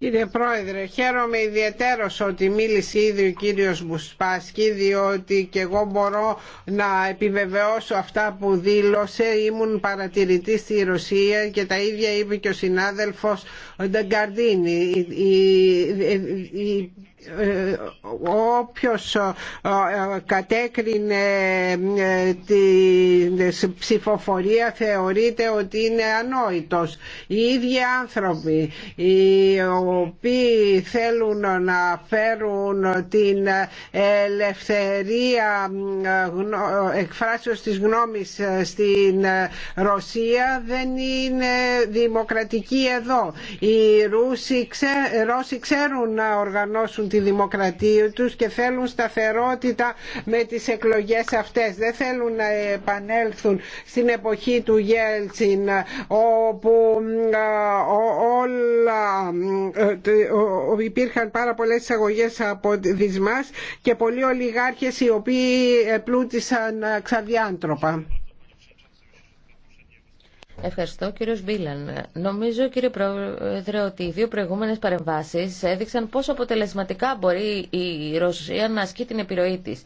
Κύριε Πρόεδρε, χαίρομαι ιδιαίτερος ότι μίλησε ήδη ο κύριος Μπουσπάσκη διότι και εγώ μπορώ να επιβεβαιώσω αυτά που δήλωσε. Ήμουν παρατηρητή στη Ρωσία και τα ίδια είπε και ο συνάδελφος Νταγκαρντίνη. Ε, όποιος ε, ε, κατέκρινε την ψηφοφορία θεωρείται ότι είναι ανόητος. Οι ίδιοι άνθρωποι οι οποίοι θέλουν να φέρουν την ελευθερία εκφράσεως της γνώμης στην Ρωσία δεν είναι δημοκρατική εδώ. Οι Ρώσοι ξέρουν να οργανώσουν τη δημοκρατία τους και θέλουν σταθερότητα με τις εκλογές αυτές. Δεν θέλουν να επανέλθουν στην εποχή του Γέλτσιν όπου όλα ε, υπήρχαν πάρα πολλές εισαγωγές από δυσμάς και πολλοί ολιγάρχες οι οποίοι πλούτησαν ξαδιάντροπα. Ευχαριστώ Κύριο Μπίλαν. Νομίζω κύριε Πρόεδρε ότι οι δύο προηγούμενε παρεμβάσει έδειξαν πόσο αποτελεσματικά μπορεί η Ρωσία να ασκεί την επιρροή τη.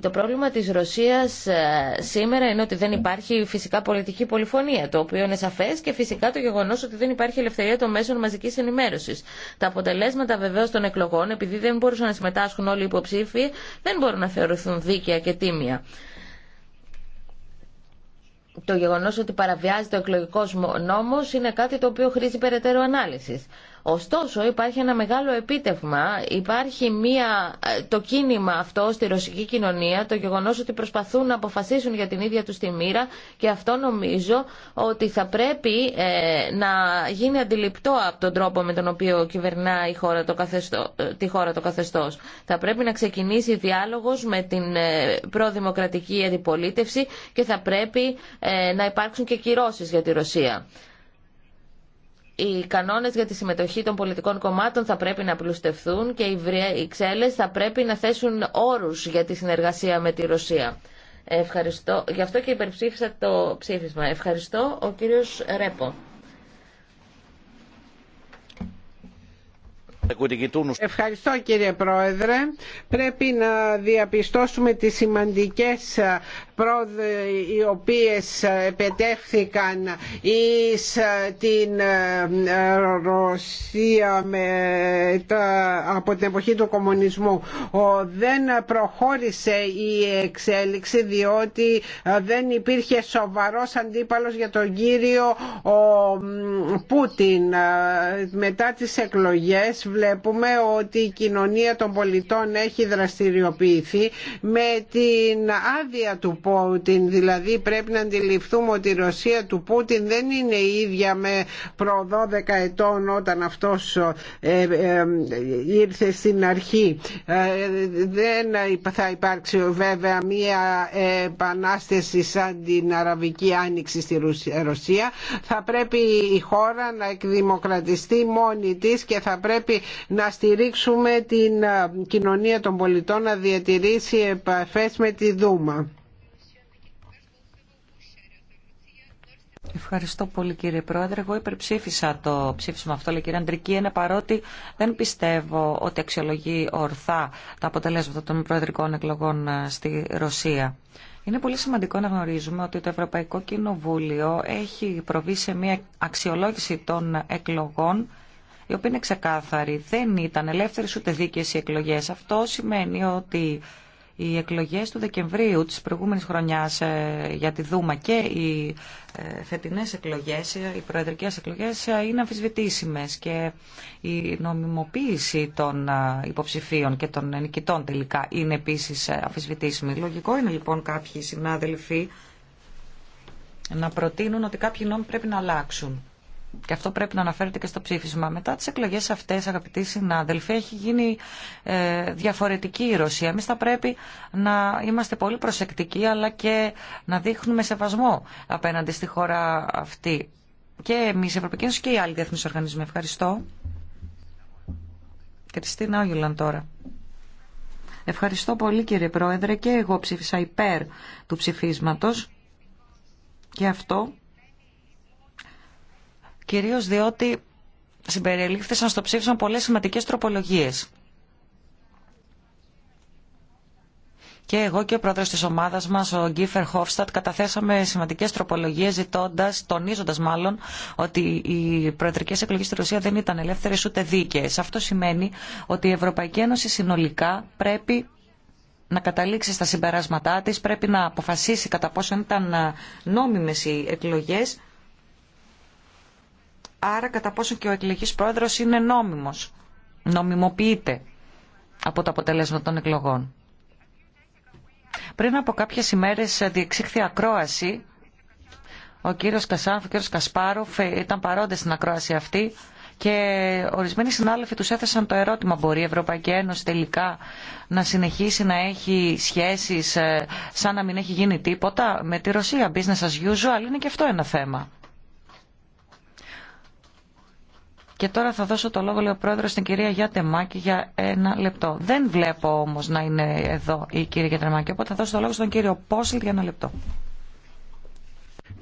Το πρόβλημα τη Ρωσία ε, σήμερα είναι ότι δεν υπάρχει φυσικά πολιτική πολυφωνία, το οποίο είναι σαφέ και φυσικά το γεγονό ότι δεν υπάρχει ελευθερία των μέσων μαζικής ενημέρωση. Τα αποτελέσματα βεβαίω των εκλογών, επειδή δεν μπορούσαν να συμμετάσχουν όλοι οι υποψήφοι, δεν μπορούν να θεωρηθούν δίκαια και τίμια το γεγονός ότι παραβιάζει ο εκλογικό νόμος είναι κάτι το οποίο χρήζει περαιτέρω ανάλυσης. Ωστόσο υπάρχει ένα μεγάλο επίτευγμα, υπάρχει μία, ε, το κίνημα αυτό στη ρωσική κοινωνία, το γεγονός ότι προσπαθούν να αποφασίσουν για την ίδια τους τη μοίρα και αυτό νομίζω ότι θα πρέπει ε, να γίνει αντιληπτό από τον τρόπο με τον οποίο κυβερνά η χώρα το καθεστώ, ε, τη χώρα το καθεστώς. Θα πρέπει να ξεκινήσει διάλογος με την προδημοκρατική αντιπολίτευση και θα πρέπει να υπάρξουν και κυρώσεις για τη Ρωσία οι κανόνες για τη συμμετοχή των πολιτικών κομμάτων θα πρέπει να πλουστευθούν και οι Ξέλες θα πρέπει να θέσουν όρους για τη συνεργασία με τη Ρωσία. Ευχαριστώ. Γι' αυτό και υπερψήφισα το ψήφισμα. Ευχαριστώ. Ο κύριος Ρέπο. Ευχαριστώ κύριε Πρόεδρε. Πρέπει να διαπιστώσουμε τις σημαντικές οι οποίες επετέχθηκαν εις ε, την ε, Ρωσία με από την εποχή του κομμουνισμού δεν προχώρησε η εξέλιξη διότι ε, δεν υπήρχε σοβαρός αντίπαλος για τον κύριο Πούτιν. Μετά τις εκλογές βλέπουμε ότι η κοινωνία των πολιτών έχει δραστηριοποιηθεί με την άδεια του Πούτιν. Δηλαδή πρέπει να αντιληφθούμε ότι η Ρωσία του Πούτιν δεν είναι η ίδια με προ 12 ετών όταν αυτός ε, ε, ήρθε στην αρχή. Ε, δεν θα υπάρξει βέβαια μία επανάσταση σαν την Αραβική Άνοιξη στη Ρωσία. Θα πρέπει η χώρα να εκδημοκρατιστεί μόνη της και θα πρέπει να στηρίξουμε την κοινωνία των πολιτών να διατηρήσει επαφές με τη Δούμα. Ευχαριστώ πολύ κύριε Πρόεδρε. Εγώ υπερψήφισα το ψήφισμα αυτό, λέει κύριε Αντρική, είναι παρότι δεν πιστεύω ότι αξιολογεί ορθά τα αποτελέσματα των προεδρικών εκλογών ε, στη Ρωσία. Είναι πολύ σημαντικό να γνωρίζουμε ότι το Ευρωπαϊκό Κοινοβούλιο έχει προβεί σε μια αξιολόγηση των εκλογών η οποία είναι ξεκάθαρη. Δεν ήταν ελεύθερες ούτε δίκαιες οι εκλογές. Αυτό σημαίνει ότι οι εκλογές του Δεκεμβρίου της προηγούμενης χρονιάς ε, για τη Δούμα και οι ε, φετινές εκλογές, ε, οι προεδρικές εκλογές είναι αμφισβητήσιμες και η νομιμοποίηση των υποψηφίων και των νικητών τελικά είναι επίσης αμφισβητήσιμη. Λογικό είναι λοιπόν κάποιοι συνάδελφοι να προτείνουν ότι κάποιοι νόμοι πρέπει να αλλάξουν και αυτό πρέπει να αναφέρεται και στο ψήφισμα, μετά τι εκλογέ αυτές, αγαπητοί συνάδελφοι, έχει γίνει ε, διαφορετική η Ρωσία. Εμεί θα πρέπει να είμαστε πολύ προσεκτικοί, αλλά και να δείχνουμε σεβασμό απέναντι στη χώρα αυτή. Και εμεί, οι Ευρωπαϊκοί και οι άλλοι διεθνεί οργανισμοί. Ευχαριστώ. Κριστίνα Όγιουλαν τώρα. Ευχαριστώ πολύ κύριε Πρόεδρε και εγώ ψήφισα υπέρ του ψηφίσματος και αυτό κυρίως διότι συμπεριελήφθησαν στο ψήφισμα πολλές σημαντικές τροπολογίες. Και εγώ και ο πρόεδρος της ομάδας μας, ο Γκίφερ Χόφστατ, καταθέσαμε σημαντικές τροπολογίες ζητώντας, τονίζοντας μάλλον, ότι οι προεδρικές εκλογές στη Ρωσία δεν ήταν ελεύθερες ούτε δίκαιες. Αυτό σημαίνει ότι η Ευρωπαϊκή Ένωση συνολικά πρέπει να καταλήξει στα συμπεράσματά της, πρέπει να αποφασίσει κατά πόσο ήταν νόμιμες οι εκλογές άρα κατά πόσο και ο εκλεγής πρόεδρος είναι νόμιμος, νομιμοποιείται από το αποτέλεσμα των εκλογών. Πριν από κάποιες ημέρες ε, διεξήχθη ακρόαση, ο κύριος Κασάνφ, ο κύριος Κασπάροφ ε, ήταν παρόντες στην ακρόαση αυτή και ορισμένοι συνάδελφοι τους έθεσαν το ερώτημα μπορεί η Ευρωπαϊκή Ένωση τελικά να συνεχίσει να έχει σχέσεις ε, σαν να μην έχει γίνει τίποτα με τη Ρωσία, business as usual, είναι και αυτό ένα θέμα. Και τώρα θα δώσω το λόγο, λέει ο πρόεδρο, στην κυρία Γιατεμάκη για ένα λεπτό. Δεν βλέπω όμω να είναι εδώ η κυρία Γιατεμάκη, οπότε θα δώσω το λόγο στον κύριο Πόσελ για ένα λεπτό.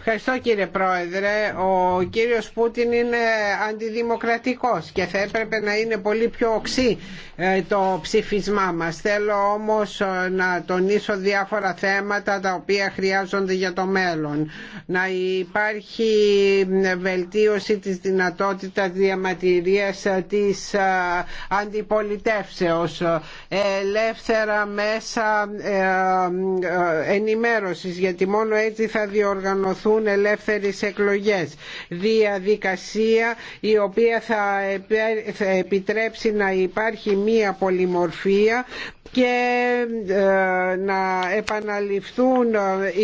Ευχαριστώ κύριε Πρόεδρε. Ο κύριος Πούτιν είναι αντιδημοκρατικός και θα έπρεπε να είναι πολύ πιο οξύ ε, το ψηφισμά μας. Θέλω όμως ε, να τονίσω διάφορα θέματα τα οποία χρειάζονται για το μέλλον. Να υπάρχει ε, βελτίωση της δυνατότητας διαματηρίας της αντιπολιτεύσεως. Ελεύθερα μέσα ενημέρωσης γιατί μόνο έτσι θα διοργανωθούν ελεύθερε ελεύθερες εκλογές. Διαδικασία η οποία θα επιτρέψει να υπάρχει μία πολυμορφία και ε, να επαναληφθούν ε,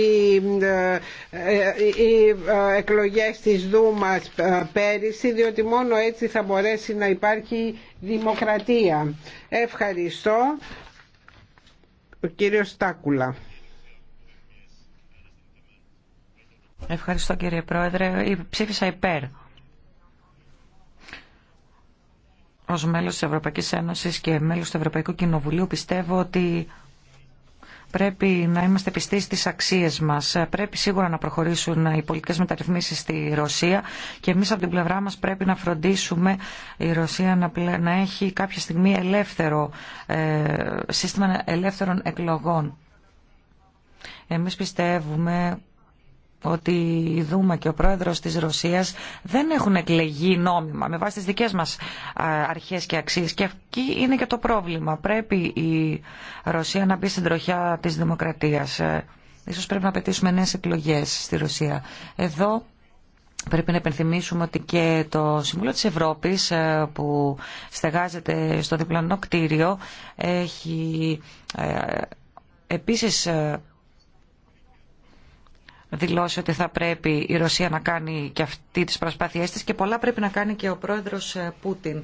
οι ε, εκλογές της Δούμας πέρυσι διότι μόνο έτσι θα μπορέσει να υπάρχει δημοκρατία. Ευχαριστώ. Ο κύριος Στάκουλα. Ευχαριστώ κύριε Πρόεδρε. Ψήφισα υπέρ. Ως μέλος της Ευρωπαϊκής Ένωσης και μέλος του Ευρωπαϊκού Κοινοβουλίου πιστεύω ότι πρέπει να είμαστε πιστοί στις αξίες μας. Πρέπει σίγουρα να προχωρήσουν οι πολιτικές μεταρρυθμίσεις στη Ρωσία και εμείς από την πλευρά μας πρέπει να φροντίσουμε η Ρωσία να, έχει κάποια στιγμή ελεύθερο ε, σύστημα ελεύθερων εκλογών. Εμείς πιστεύουμε ότι η Δούμα και ο πρόεδρος της Ρωσίας δεν έχουν εκλεγεί νόμιμα με βάση τις δικές μας αρχές και αξίες και εκεί είναι και το πρόβλημα. Πρέπει η Ρωσία να μπει στην τροχιά της δημοκρατίας. Ε, ίσως πρέπει να πετύσουμε νέες εκλογές στη Ρωσία. Εδώ Πρέπει να επενθυμίσουμε ότι και το Συμβούλιο της Ευρώπης ε, που στεγάζεται στο διπλανό κτίριο έχει ε, επίσης δηλώσει ότι θα πρέπει η Ρωσία να κάνει και αυτή τις προσπάθειές της και πολλά πρέπει να κάνει και ο πρόεδρος ε, Πούτιν.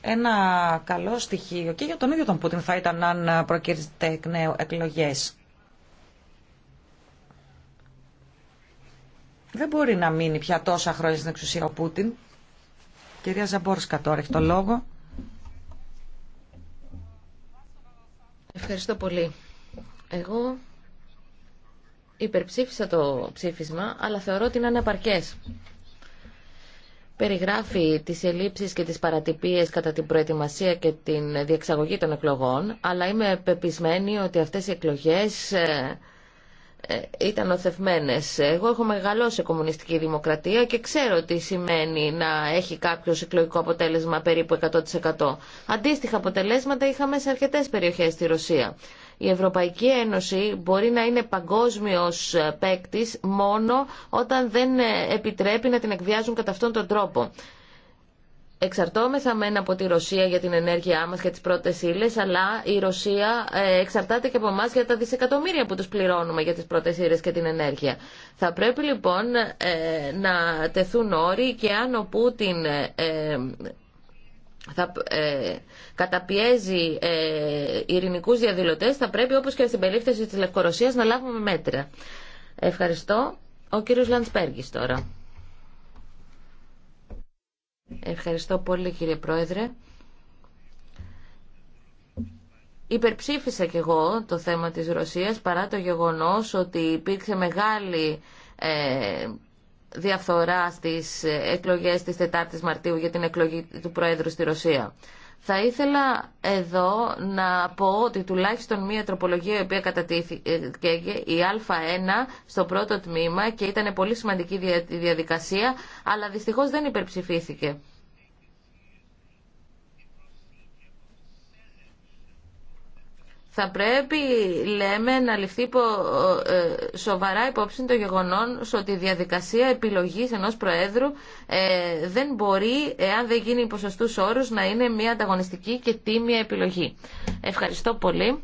Ένα καλό στοιχείο και για τον ίδιο τον Πούτιν θα ήταν αν προκύρεται εκ νέου εκλογές. Δεν μπορεί να μείνει πια τόσα χρόνια στην εξουσία ο Πούτιν. Κυρία Ζαμπόρσκα τώρα έχει το λόγο. Ευχαριστώ πολύ. Εγώ υπερψήφισα το ψήφισμα, αλλά θεωρώ ότι είναι επαρκέ. Περιγράφει τις ελλείψεις και τις παρατυπίες κατά την προετοιμασία και την διεξαγωγή των εκλογών, αλλά είμαι πεπισμένη ότι αυτές οι εκλογές ε, ε, ήταν οθευμένες. Εγώ έχω μεγαλώσει κομμουνιστική δημοκρατία και ξέρω τι σημαίνει να έχει κάποιο εκλογικό αποτέλεσμα περίπου 100%. Αντίστοιχα αποτελέσματα είχαμε σε αρκετέ περιοχέ στη Ρωσία. Η Ευρωπαϊκή Ένωση μπορεί να είναι παγκόσμιος παίκτη μόνο όταν δεν επιτρέπει να την εκβιάζουν κατά αυτόν τον τρόπο. Εξαρτώμεθα μένα από τη Ρωσία για την ενέργειά μας και τις πρώτες ύλε, αλλά η Ρωσία ε, εξαρτάται και από εμά για τα δισεκατομμύρια που τους πληρώνουμε για τις πρώτες ύλε και την ενέργεια. Θα πρέπει λοιπόν ε, να τεθούν όροι και αν ο Πούτιν ε, θα ε, καταπιέζει ε, ειρηνικού διαδηλωτέ, θα πρέπει όπω και στην περίπτωση τη Λευκορωσία να λάβουμε μέτρα. Ευχαριστώ. Ο κύριο Λαντσπέργη τώρα. Ευχαριστώ πολύ κύριε Πρόεδρε. Υπερψήφισα κι εγώ το θέμα της Ρωσίας παρά το γεγονός ότι υπήρξε μεγάλη ε, διαφθορά στις εκλογές της 4ης Μαρτίου για την εκλογή του Πρόεδρου στη Ρωσία. Θα ήθελα εδώ να πω ότι τουλάχιστον μία τροπολογία η οποία κατατήθηκε η Α1 στο πρώτο τμήμα και ήταν πολύ σημαντική διαδικασία, αλλά δυστυχώς δεν υπερψηφίθηκε. Θα πρέπει, λέμε, να ληφθεί ε, σοβαρά υπόψη το γεγονόν ότι η διαδικασία επιλογής ενός Προέδρου ε, δεν μπορεί, εάν δεν γίνει υπό όρους, να είναι μια ανταγωνιστική και τίμια επιλογή. Ευχαριστώ πολύ.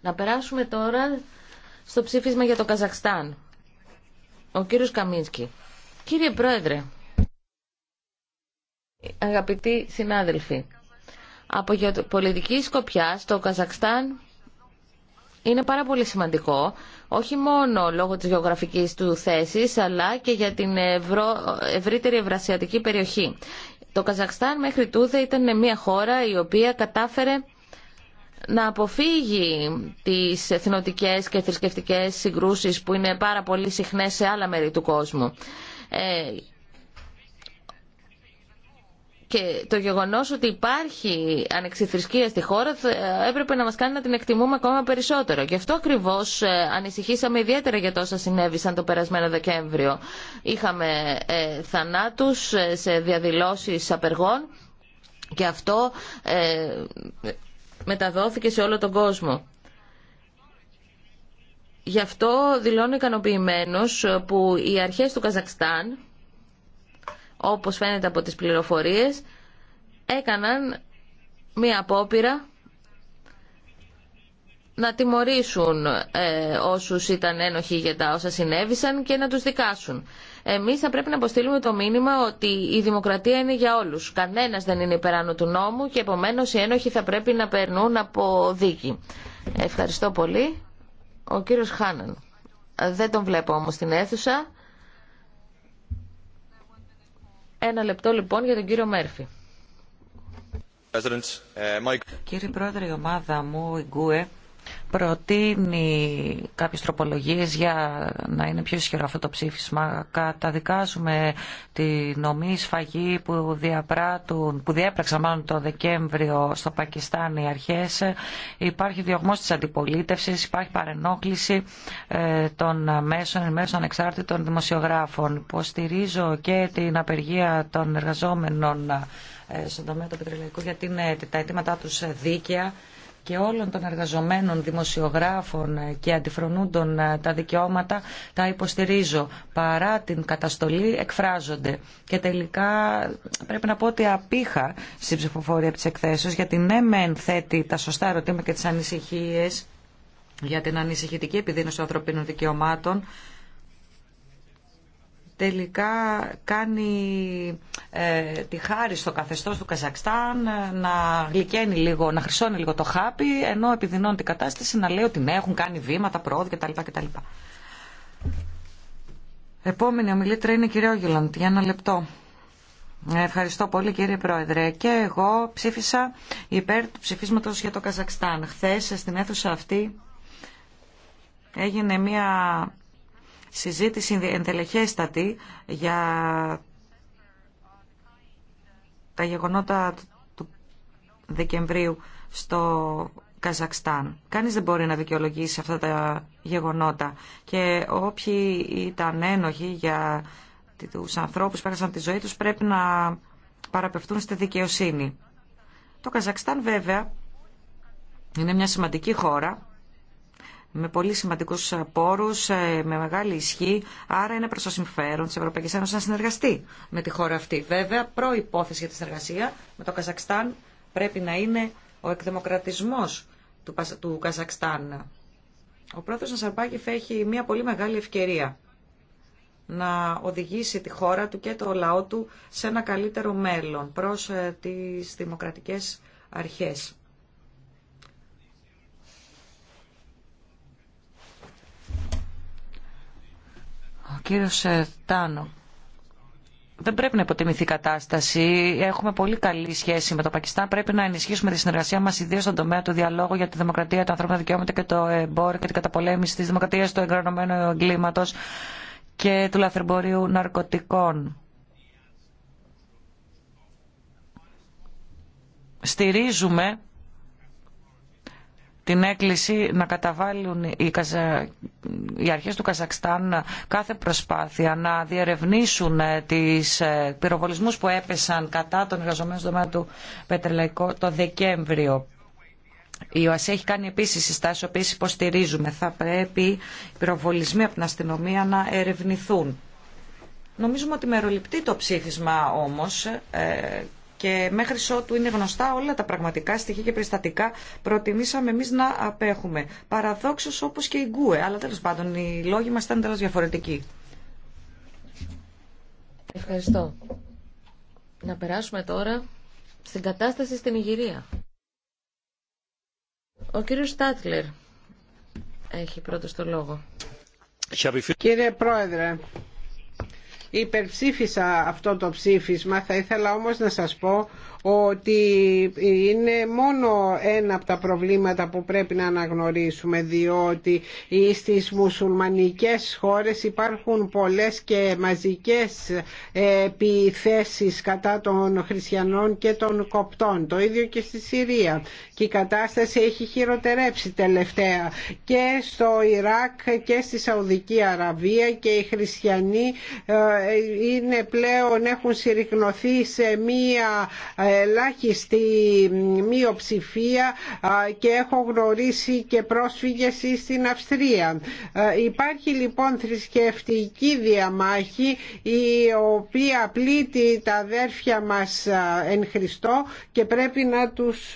Να περάσουμε τώρα στο ψήφισμα για το Καζακστάν. Ο κύριος Καμίνσκι. Κύριε Πρόεδρε, αγαπητοί συνάδελφοι, από γεωπολιτική σκοπιά, το Καζακστάν είναι πάρα πολύ σημαντικό, όχι μόνο λόγω της γεωγραφικής του θέσης, αλλά και για την ευρω... ευρύτερη ευρασιατική περιοχή. Το Καζακστάν μέχρι τούδε ήταν μια χώρα η οποία κατάφερε να αποφύγει τις εθνοτικές και θρησκευτικές συγκρούσεις που είναι πάρα πολύ συχνές σε άλλα μέρη του κόσμου. Ε, και το γεγονό ότι υπάρχει ανεξιθρησκεία στη χώρα ε, έπρεπε να μα κάνει να την εκτιμούμε ακόμα περισσότερο. Γι' αυτό ακριβώ ε, ανησυχήσαμε ιδιαίτερα για τόσα συνέβησαν το περασμένο Δεκέμβριο. Είχαμε θανάτου ε, θανάτους σε διαδηλώσει απεργών και αυτό μεταδόθηκε σε όλο τον κόσμο. Γι' αυτό δηλώνω ικανοποιημένος που οι αρχές του Καζακστάν όπως φαίνεται από τις πληροφορίες, έκαναν μία απόπειρα να τιμωρήσουν ε, όσους ήταν ένοχοι για τα όσα συνέβησαν και να τους δικάσουν. Εμείς θα πρέπει να αποστείλουμε το μήνυμα ότι η δημοκρατία είναι για όλους. Κανένας δεν είναι υπεράνω του νόμου και επομένως οι ένοχοι θα πρέπει να περνούν από δίκη. Ευχαριστώ πολύ. Ο κύριος Χάναν. Δεν τον βλέπω όμως στην αίθουσα. Ένα λεπτό λοιπόν για τον κύριο Μέρφυ. Ε, Κύριε Πρόεδρε, η ομάδα μου, η Γκουε, προτείνει κάποιε τροπολογίε για να είναι πιο ισχυρό αυτό το ψήφισμα. Καταδικάζουμε τη νομή σφαγή που, διαπράττουν, που διέπραξαν μάλλον το Δεκέμβριο στο Πακιστάν οι αρχέ. Υπάρχει διωγμό τη αντιπολίτευση, υπάρχει παρενόχληση ε, των μέσων μέσων ανεξάρτητων δημοσιογράφων. Υποστηρίζω και την απεργία των εργαζόμενων ε, στον τομέα του πετρελαϊκού γιατί είναι τα αιτήματά τους ε, δίκαια και όλων των εργαζομένων δημοσιογράφων και αντιφρονούντων ε, τα δικαιώματα τα υποστηρίζω. Παρά την καταστολή εκφράζονται. Και τελικά πρέπει να πω ότι απήχα στην ψηφοφορία της εκθέσεως γιατί ναι μεν θέτει τα σωστά ερωτήματα και τις ανησυχίες για την ανησυχητική επιδείνωση των ανθρωπίνων δικαιωμάτων τελικά κάνει ε, τη χάρη στο καθεστώς του Καζακστάν ε, να γλυκένει λίγο, να χρυσώνει λίγο το χάπι, ενώ επιδεινώνει την κατάσταση να λέει ότι ναι, έχουν κάνει βήματα, πρόοδο κτλ. κτλ. Επόμενη ομιλήτρια είναι η κυρία Όγγελαντ, για ένα λεπτό. Ε, ευχαριστώ πολύ κύριε Πρόεδρε. Και εγώ ψήφισα υπέρ του ψηφίσματος για το Καζακστάν. Χθες στην αίθουσα αυτή έγινε μια συζήτηση εντελεχέστατη για τα γεγονότα του Δεκεμβρίου στο Καζακστάν. Κανείς δεν μπορεί να δικαιολογήσει αυτά τα γεγονότα και όποιοι ήταν ένοχοι για τους ανθρώπους που πέρασαν τη ζωή τους πρέπει να παραπευτούν στη δικαιοσύνη. Το Καζακστάν βέβαια είναι μια σημαντική χώρα με πολύ σημαντικού πόρου, ε, με μεγάλη ισχύ. Άρα είναι προ το συμφέρον τη Ευρωπαϊκή Ένωση να συνεργαστεί με τη χώρα αυτή. Βέβαια, προπόθεση για τη συνεργασία με το Καζακστάν πρέπει να είναι ο εκδημοκρατισμό του, του Καζακστάν. Ο πρόεδρο Νασαρπάκηφ έχει μια πολύ μεγάλη ευκαιρία να οδηγήσει τη χώρα του και το λαό του σε ένα καλύτερο μέλλον προς ε, τις δημοκρατικές αρχές. Κύριος ε, Τάνο, δεν πρέπει να υποτιμηθεί η κατάσταση. Έχουμε πολύ καλή σχέση με το Πακιστάν. Πρέπει να ενισχύσουμε τη συνεργασία μα, ιδίω στον τομέα του διαλόγου για τη δημοκρατία, τα ανθρώπινα δικαιώματα και το εμπόριο και την καταπολέμηση τη δημοκρατία, του εγκρανωμένου εγκλήματο και του λαθρεμπορίου ναρκωτικών. Στηρίζουμε την έκκληση να καταβάλουν οι, αρχές του Καζακστάν κάθε προσπάθεια να διερευνήσουν ε, τις ε, πυροβολισμούς που έπεσαν κατά των εργαζομένων στο του πετρελαϊκού το Δεκέμβριο. Η ΟΑΣΕ έχει κάνει επίση συστάσει, οποίε υποστηρίζουμε. Θα πρέπει οι πυροβολισμοί από την αστυνομία να ερευνηθούν. Νομίζουμε ότι μεροληπτεί το ψήφισμα όμως ε, και μέχρι ότου είναι γνωστά όλα τα πραγματικά στοιχεία και περιστατικά, προτιμήσαμε εμεί να απέχουμε. Παραδόξω όπω και η Γκουε, αλλά τέλο πάντων οι λόγοι μα ήταν τελώ διαφορετικοί. Ευχαριστώ. Να περάσουμε τώρα στην κατάσταση στην Ιγυρία. Ο κύριος Στάτλερ έχει πρώτος το λόγο. Κύριε Πρόεδρε, υπερψήφισα αυτό το ψήφισμα. Θα ήθελα όμως να σας πω ότι είναι μόνο ένα από τα προβλήματα που πρέπει να αναγνωρίσουμε διότι στις μουσουλμανικές χώρες υπάρχουν πολλές και μαζικές επιθέσεις κατά των χριστιανών και των κοπτών το ίδιο και στη Συρία και η κατάσταση έχει χειροτερέψει τελευταία και στο Ιράκ και στη Σαουδική Αραβία και οι χριστιανοί ε, είναι πλέον έχουν συρρυκνωθεί σε μία ε, ελάχιστη μειοψηφία και έχω γνωρίσει και πρόσφυγες στην Αυστρία. Υπάρχει λοιπόν θρησκευτική διαμάχη η οποία πλήττει τα αδέρφια μας εν Χριστώ και πρέπει να τους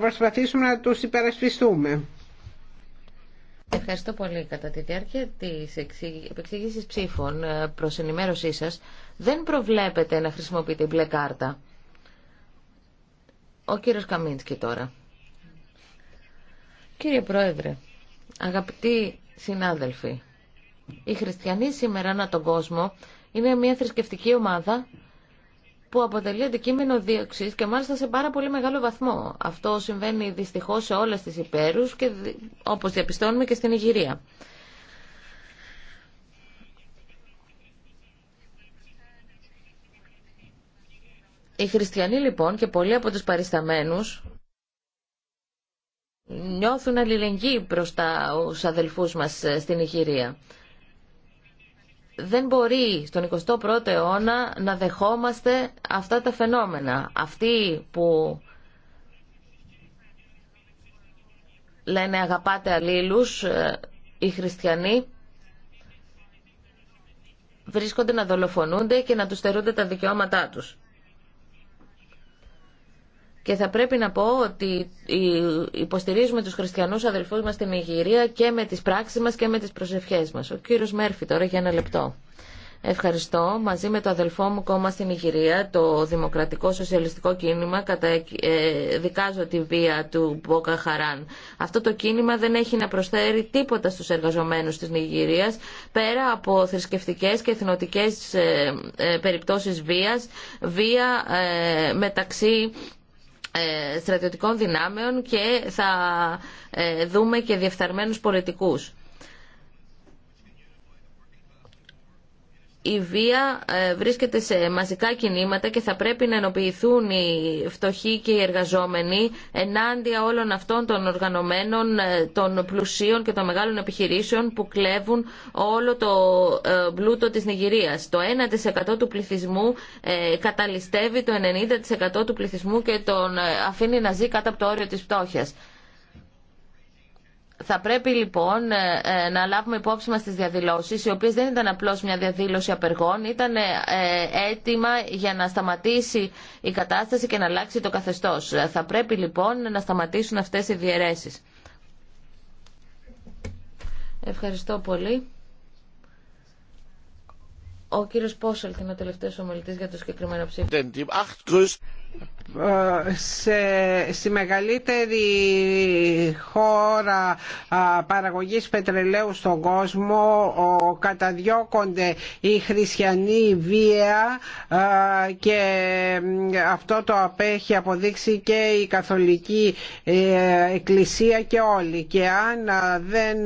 προσπαθήσουμε να τους υπερασπιστούμε. Ευχαριστώ πολύ κατά τη διάρκεια της επεξήγησης ψήφων ε, προς ενημέρωσή σας δεν προβλέπεται να χρησιμοποιείται η μπλε κάρτα. Ο κύριος Καμίνσκι τώρα. Κύριε Πρόεδρε, αγαπητοί συνάδελφοι, οι χριστιανοί σήμερα ανά τον κόσμο είναι μια θρησκευτική ομάδα που αποτελεί αντικείμενο δίωξη και μάλιστα σε πάρα πολύ μεγάλο βαθμό. Αυτό συμβαίνει δυστυχώ σε όλε τι υπέρου και όπω διαπιστώνουμε και στην Ιγυρία. Οι χριστιανοί λοιπόν και πολλοί από τους παρισταμένους νιώθουν αλληλεγγύη προς τα αδελφούς μας ε, στην Ιγυρία. Δεν μπορεί στον 21ο αιώνα να δεχόμαστε αυτά τα φαινόμενα. Αυτοί που λένε αγαπάτε αλλήλους, ε, οι χριστιανοί βρίσκονται να δολοφονούνται και να τους στερούνται τα δικαιώματά τους. Και θα πρέπει να πω ότι υποστηρίζουμε τους χριστιανούς αδελφούς μας στην Ιγυρία και με τις πράξεις μας και με τις προσευχές μας. Ο κύριος Μέρφη τώρα για ένα λεπτό. Ευχαριστώ. Μαζί με το αδελφό μου κόμμα στην Ιγυρία, το Δημοκρατικό Σοσιαλιστικό Κίνημα, ε, δικάζω τη βία του Μπόκα Χαράν. Αυτό το κίνημα δεν έχει να προσφέρει τίποτα στους εργαζομένους της Νιγηρίας, πέρα από θρησκευτικές και εθνοτικές ε, ε, περιπτώσεις βίας, βία μεταξύ ε, στρατιωτικών δυνάμεων και θα ε, δούμε και διεφθαρμένους πολιτικούς. η βία ε, βρίσκεται σε μαζικά κινήματα και θα πρέπει να ενοποιηθούν οι φτωχοί και οι εργαζόμενοι ενάντια όλων αυτών των οργανωμένων, ε, των πλουσίων και των μεγάλων επιχειρήσεων που κλέβουν όλο το ε, πλούτο της Νιγηρίας. Το 1% του πληθυσμού καταλυστεύει το 90% του πληθυσμού και τον αφήνει να ζει κάτω από το όριο της πτώχειας. Θα πρέπει λοιπόν ε, ε, να λάβουμε υπόψη μας τις διαδηλώσεις, οι οποίες δεν ήταν απλώς μια διαδήλωση απεργών, ήταν ε, έτοιμα για να σταματήσει η κατάσταση και να αλλάξει το καθεστώς. Θα πρέπει λοιπόν να σταματήσουν αυτές οι διαιρέσεις. Ευχαριστώ πολύ. Ο κύριος Πόσελτ είναι ο τελευταίος ομιλητής για το συγκεκριμένο ψήφισμα σε, στη μεγαλύτερη χώρα α, παραγωγής πετρελαίου στον κόσμο ο, καταδιώκονται οι χριστιανοί βία και αυτό το απέχει αποδείξει και η καθολική ε, εκκλησία και όλοι και αν δεν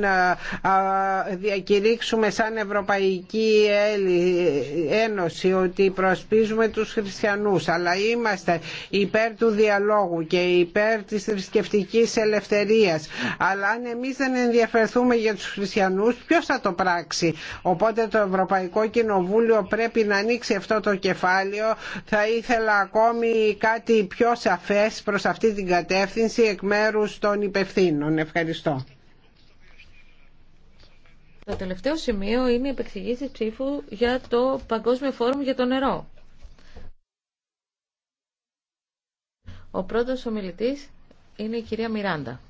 διακηρύξουμε σαν Ευρωπαϊκή Ένωση ότι προσπίζουμε τους χριστιανούς αλλά είμαστε υπέρ του διαλόγου και υπέρ της θρησκευτική ελευθερίας αλλά αν εμείς δεν ενδιαφερθούμε για τους χριστιανούς ποιος θα το πράξει οπότε το Ευρωπαϊκό Κοινοβούλιο πρέπει να ανοίξει αυτό το κεφάλαιο θα ήθελα ακόμη κάτι πιο σαφές προς αυτή την κατεύθυνση εκ μέρους των υπευθύνων ευχαριστώ το τελευταίο σημείο είναι η επεξηγήση ψήφου για το Παγκόσμιο Φόρουμ για το νερό. Ο πρώτος ομιλητής είναι η κυρία Μιράντα.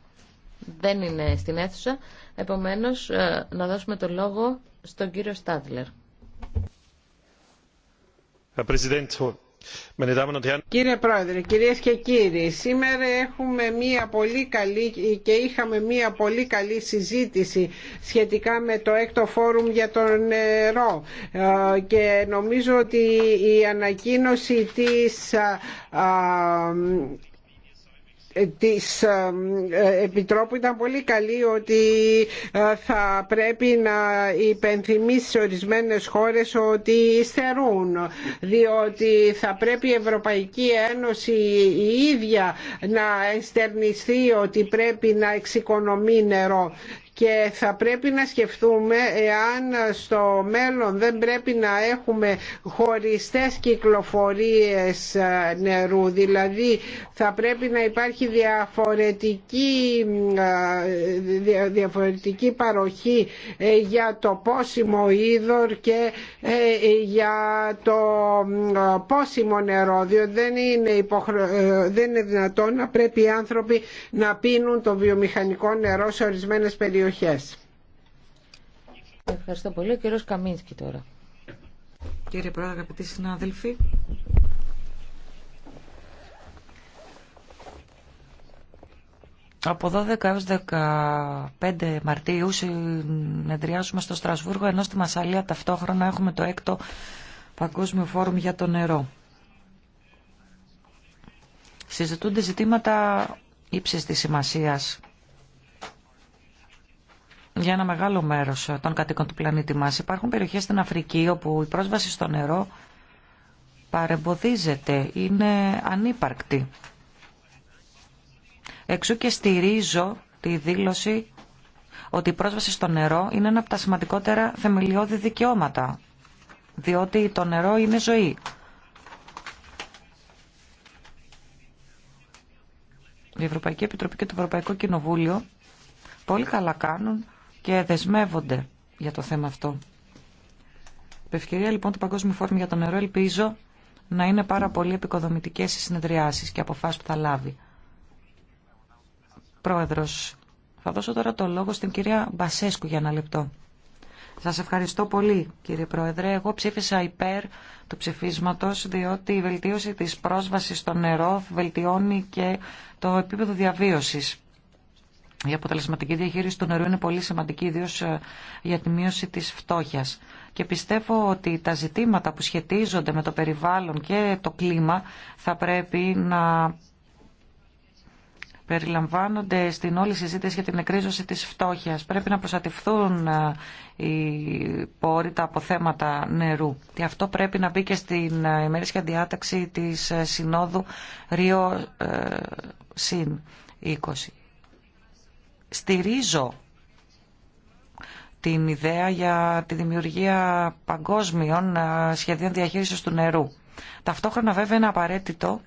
Δεν είναι στην αίθουσα, επομένως ε, να δώσουμε το λόγο στον κύριο Στάτλερ. Herr Κύριε Πρόεδρε, κυρίες και κύριοι, σήμερα έχουμε μία πολύ καλή και είχαμε μία πολύ καλή συζήτηση σχετικά με το έκτο φόρουμ για το νερό ε, και νομίζω ότι η ανακοίνωση της της ε, ε, Επιτρόπου ήταν πολύ καλή ότι ε, θα πρέπει να υπενθυμίσει σε ορισμένες χώρες ότι στερούν διότι θα πρέπει η Ευρωπαϊκή Ένωση η ίδια να εστερνιστεί ότι πρέπει να εξοικονομεί νερό και θα πρέπει να σκεφτούμε εάν στο μέλλον δεν πρέπει να έχουμε χωριστές κυκλοφορίες νερού δηλαδή θα πρέπει να υπάρχει διαφορετική, ε, διαφορετική παροχή ε, για το πόσιμο είδωρ και ε, για το πόσιμο νερό δεν είναι, δεν είναι δυνατόν να πρέπει οι άνθρωποι να πίνουν το βιομηχανικό νερό σε ορισμένες περιοχές περιοχές. Ευχαριστώ πολύ. Ο κύριος Καμίνσκι τώρα. Κύριε Πρόεδρε, αγαπητοί συνάδελφοι, Από 12 έως 15 Μαρτίου συνεδριάζουμε στο Στρασβούργο, ενώ στη Μασαλία ταυτόχρονα έχουμε το έκτο Παγκόσμιο Φόρουμ για το νερό. Συζητούνται ζητήματα ύψης της σημασίας για ένα μεγάλο μέρος των κατοίκων του πλανήτη μας. Υπάρχουν περιοχές στην Αφρική όπου η πρόσβαση στο νερό παρεμποδίζεται, είναι ανύπαρκτη. Εξού και στηρίζω τη δήλωση ότι η πρόσβαση στο νερό είναι ένα από τα σημαντικότερα θεμελιώδη δικαιώματα, διότι το νερό είναι ζωή. Η Ευρωπαϊκή Επιτροπή και το Ευρωπαϊκό Κοινοβούλιο πολύ καλά κάνουν και δεσμεύονται για το θέμα αυτό. Επευκαιρία λοιπόν του Παγκόσμιου Φόρουμ για το νερό ελπίζω να είναι πάρα πολύ επικοδομητικές οι συνεδριάσεις και αποφάσει που θα λάβει. Πρόεδρος, θα δώσω τώρα το λόγο στην κυρία Μπασέσκου για ένα λεπτό. Σας ευχαριστώ πολύ κύριε Πρόεδρε. Εγώ ψήφισα υπέρ του ψηφίσματος διότι η βελτίωση τη πρόσβαση στο νερό βελτιώνει και το επίπεδο διαβίωση. Η αποτελεσματική διαχείριση του νερού είναι πολύ σημαντική, ιδίω ε, για τη μείωση της φτώχειας. Και πιστεύω ότι τα ζητήματα που σχετίζονται με το περιβάλλον και το κλίμα θα πρέπει να περιλαμβάνονται στην όλη συζήτηση για την εκρίζωση της φτώχειας. Πρέπει να προστατευθούν ε, οι πόροι, τα αποθέματα νερού. Και αυτό πρέπει να μπει και στην ε, ημερήσια διάταξη της Συνόδου Ρίο 20 στηρίζω την ιδέα για τη δημιουργία παγκόσμιων ε, σχεδίων διαχείρισης του νερού. Ταυτόχρονα βέβαια είναι απαραίτητο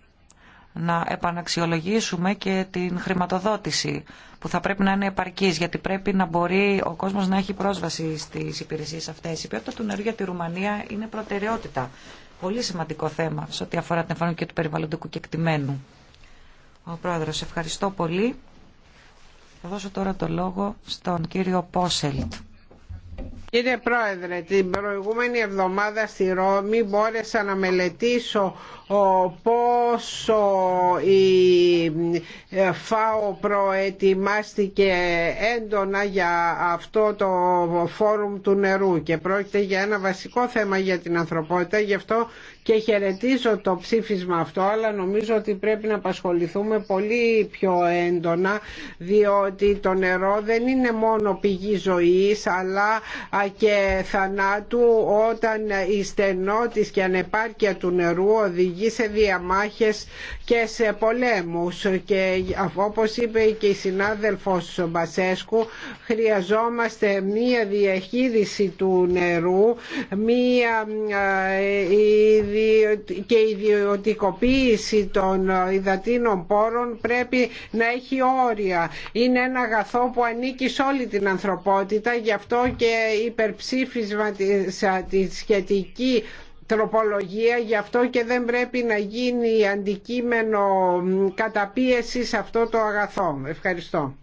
να επαναξιολογήσουμε και την χρηματοδότηση που θα πρέπει να είναι επαρκής γιατί πρέπει να μπορεί ο κόσμος να έχει πρόσβαση στις υπηρεσίες αυτές. Η ποιότητα του νερού για τη Ρουμανία είναι προτεραιότητα. Πολύ σημαντικό θέμα σε ό,τι αφορά την εφαρμογή του περιβαλλοντικού κεκτημένου. Ο Πρόεδρος, ευχαριστώ πολύ. Θα δώσω τώρα το λόγο στον κύριο Πόσελτ. Κύριε Πρόεδρε, την προηγούμενη εβδομάδα στη Ρώμη μπόρεσα να μελετήσω πόσο η ε, ΦΑΟ προετοιμάστηκε έντονα για αυτό το φόρουμ του νερού και πρόκειται για ένα βασικό θέμα για την ανθρωπότητα γι' αυτό και χαιρετίζω το ψήφισμα αυτό αλλά νομίζω ότι πρέπει να απασχοληθούμε πολύ πιο έντονα διότι το νερό δεν είναι μόνο πηγή ζωής αλλά και θανάτου όταν η στενότης και ανεπάρκεια του νερού οδηγεί σε διαμάχες και σε πολέμους και όπως είπε και η συνάδελφος Μπασέσκου χρειαζόμαστε μία διαχείριση του νερού μία και η ιδιωτικοποίηση των ε, υδατίνων πόρων πρέπει να έχει όρια. Είναι ένα αγαθό που ανήκει σε όλη την ανθρωπότητα, γι' αυτό και υπερψήφισμα τη σχετική τροπολογία, γι' αυτό και δεν πρέπει να γίνει αντικείμενο καταπίεση σε αυτό το αγαθό. Ευχαριστώ.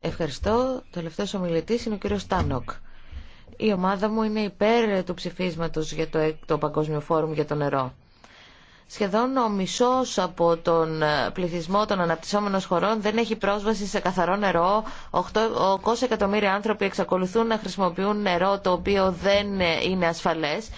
Ευχαριστώ. τελευταίο ομιλητή είναι ο κύριος Τάνοκ. Η ομάδα μου είναι υπέρ του ψηφίσματος για το, το Παγκόσμιο Φόρουμ για το νερό. Σχεδόν ο μισός από τον ε, πληθυσμό των αναπτυσσόμενων χωρών δεν έχει πρόσβαση σε καθαρό νερό. 800 εκατομμύρια άνθρωποι εξακολουθούν να χρησιμοποιούν νερό το οποίο δεν ε, είναι ασφαλές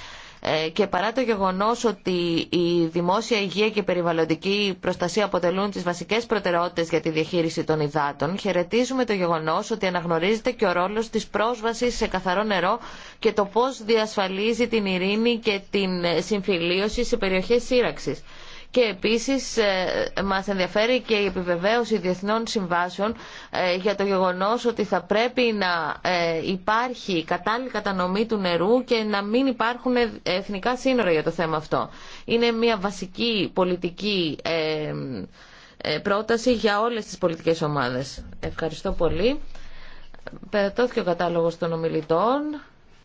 ε, και παρά το γεγονός ότι η δημόσια υγεία και η περιβαλλοντική προστασία αποτελούν τις βασικές προτεραιότητες για τη διαχείριση των υδάτων, χαιρετίζουμε το γεγονός ότι αναγνωρίζεται και ο ρόλος της πρόσβασης σε καθαρό νερό και το πώς διασφαλίζει την ειρήνη και την συμφιλίωση σε περιοχές σύραξης και επίσης ε, μας ενδιαφέρει και η επιβεβαίωση διεθνών συμβάσεων ε, για το γεγονός ότι θα πρέπει να ε, υπάρχει κατάλληλη κατανομή του νερού και να μην υπάρχουν εθνικά σύνορα για το θέμα αυτό. Είναι μια βασική πολιτική πρόταση για όλες τις πολιτικές ομάδες. Ευχαριστώ πολύ. Περατώθηκε ο κατάλογος των ομιλητών.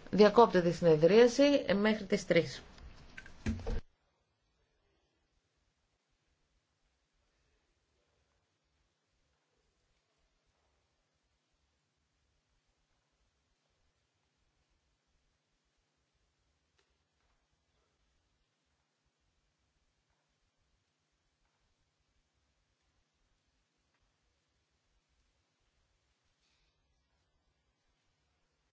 Διακόπτεται η συνεδρίαση μέχρι τις 3.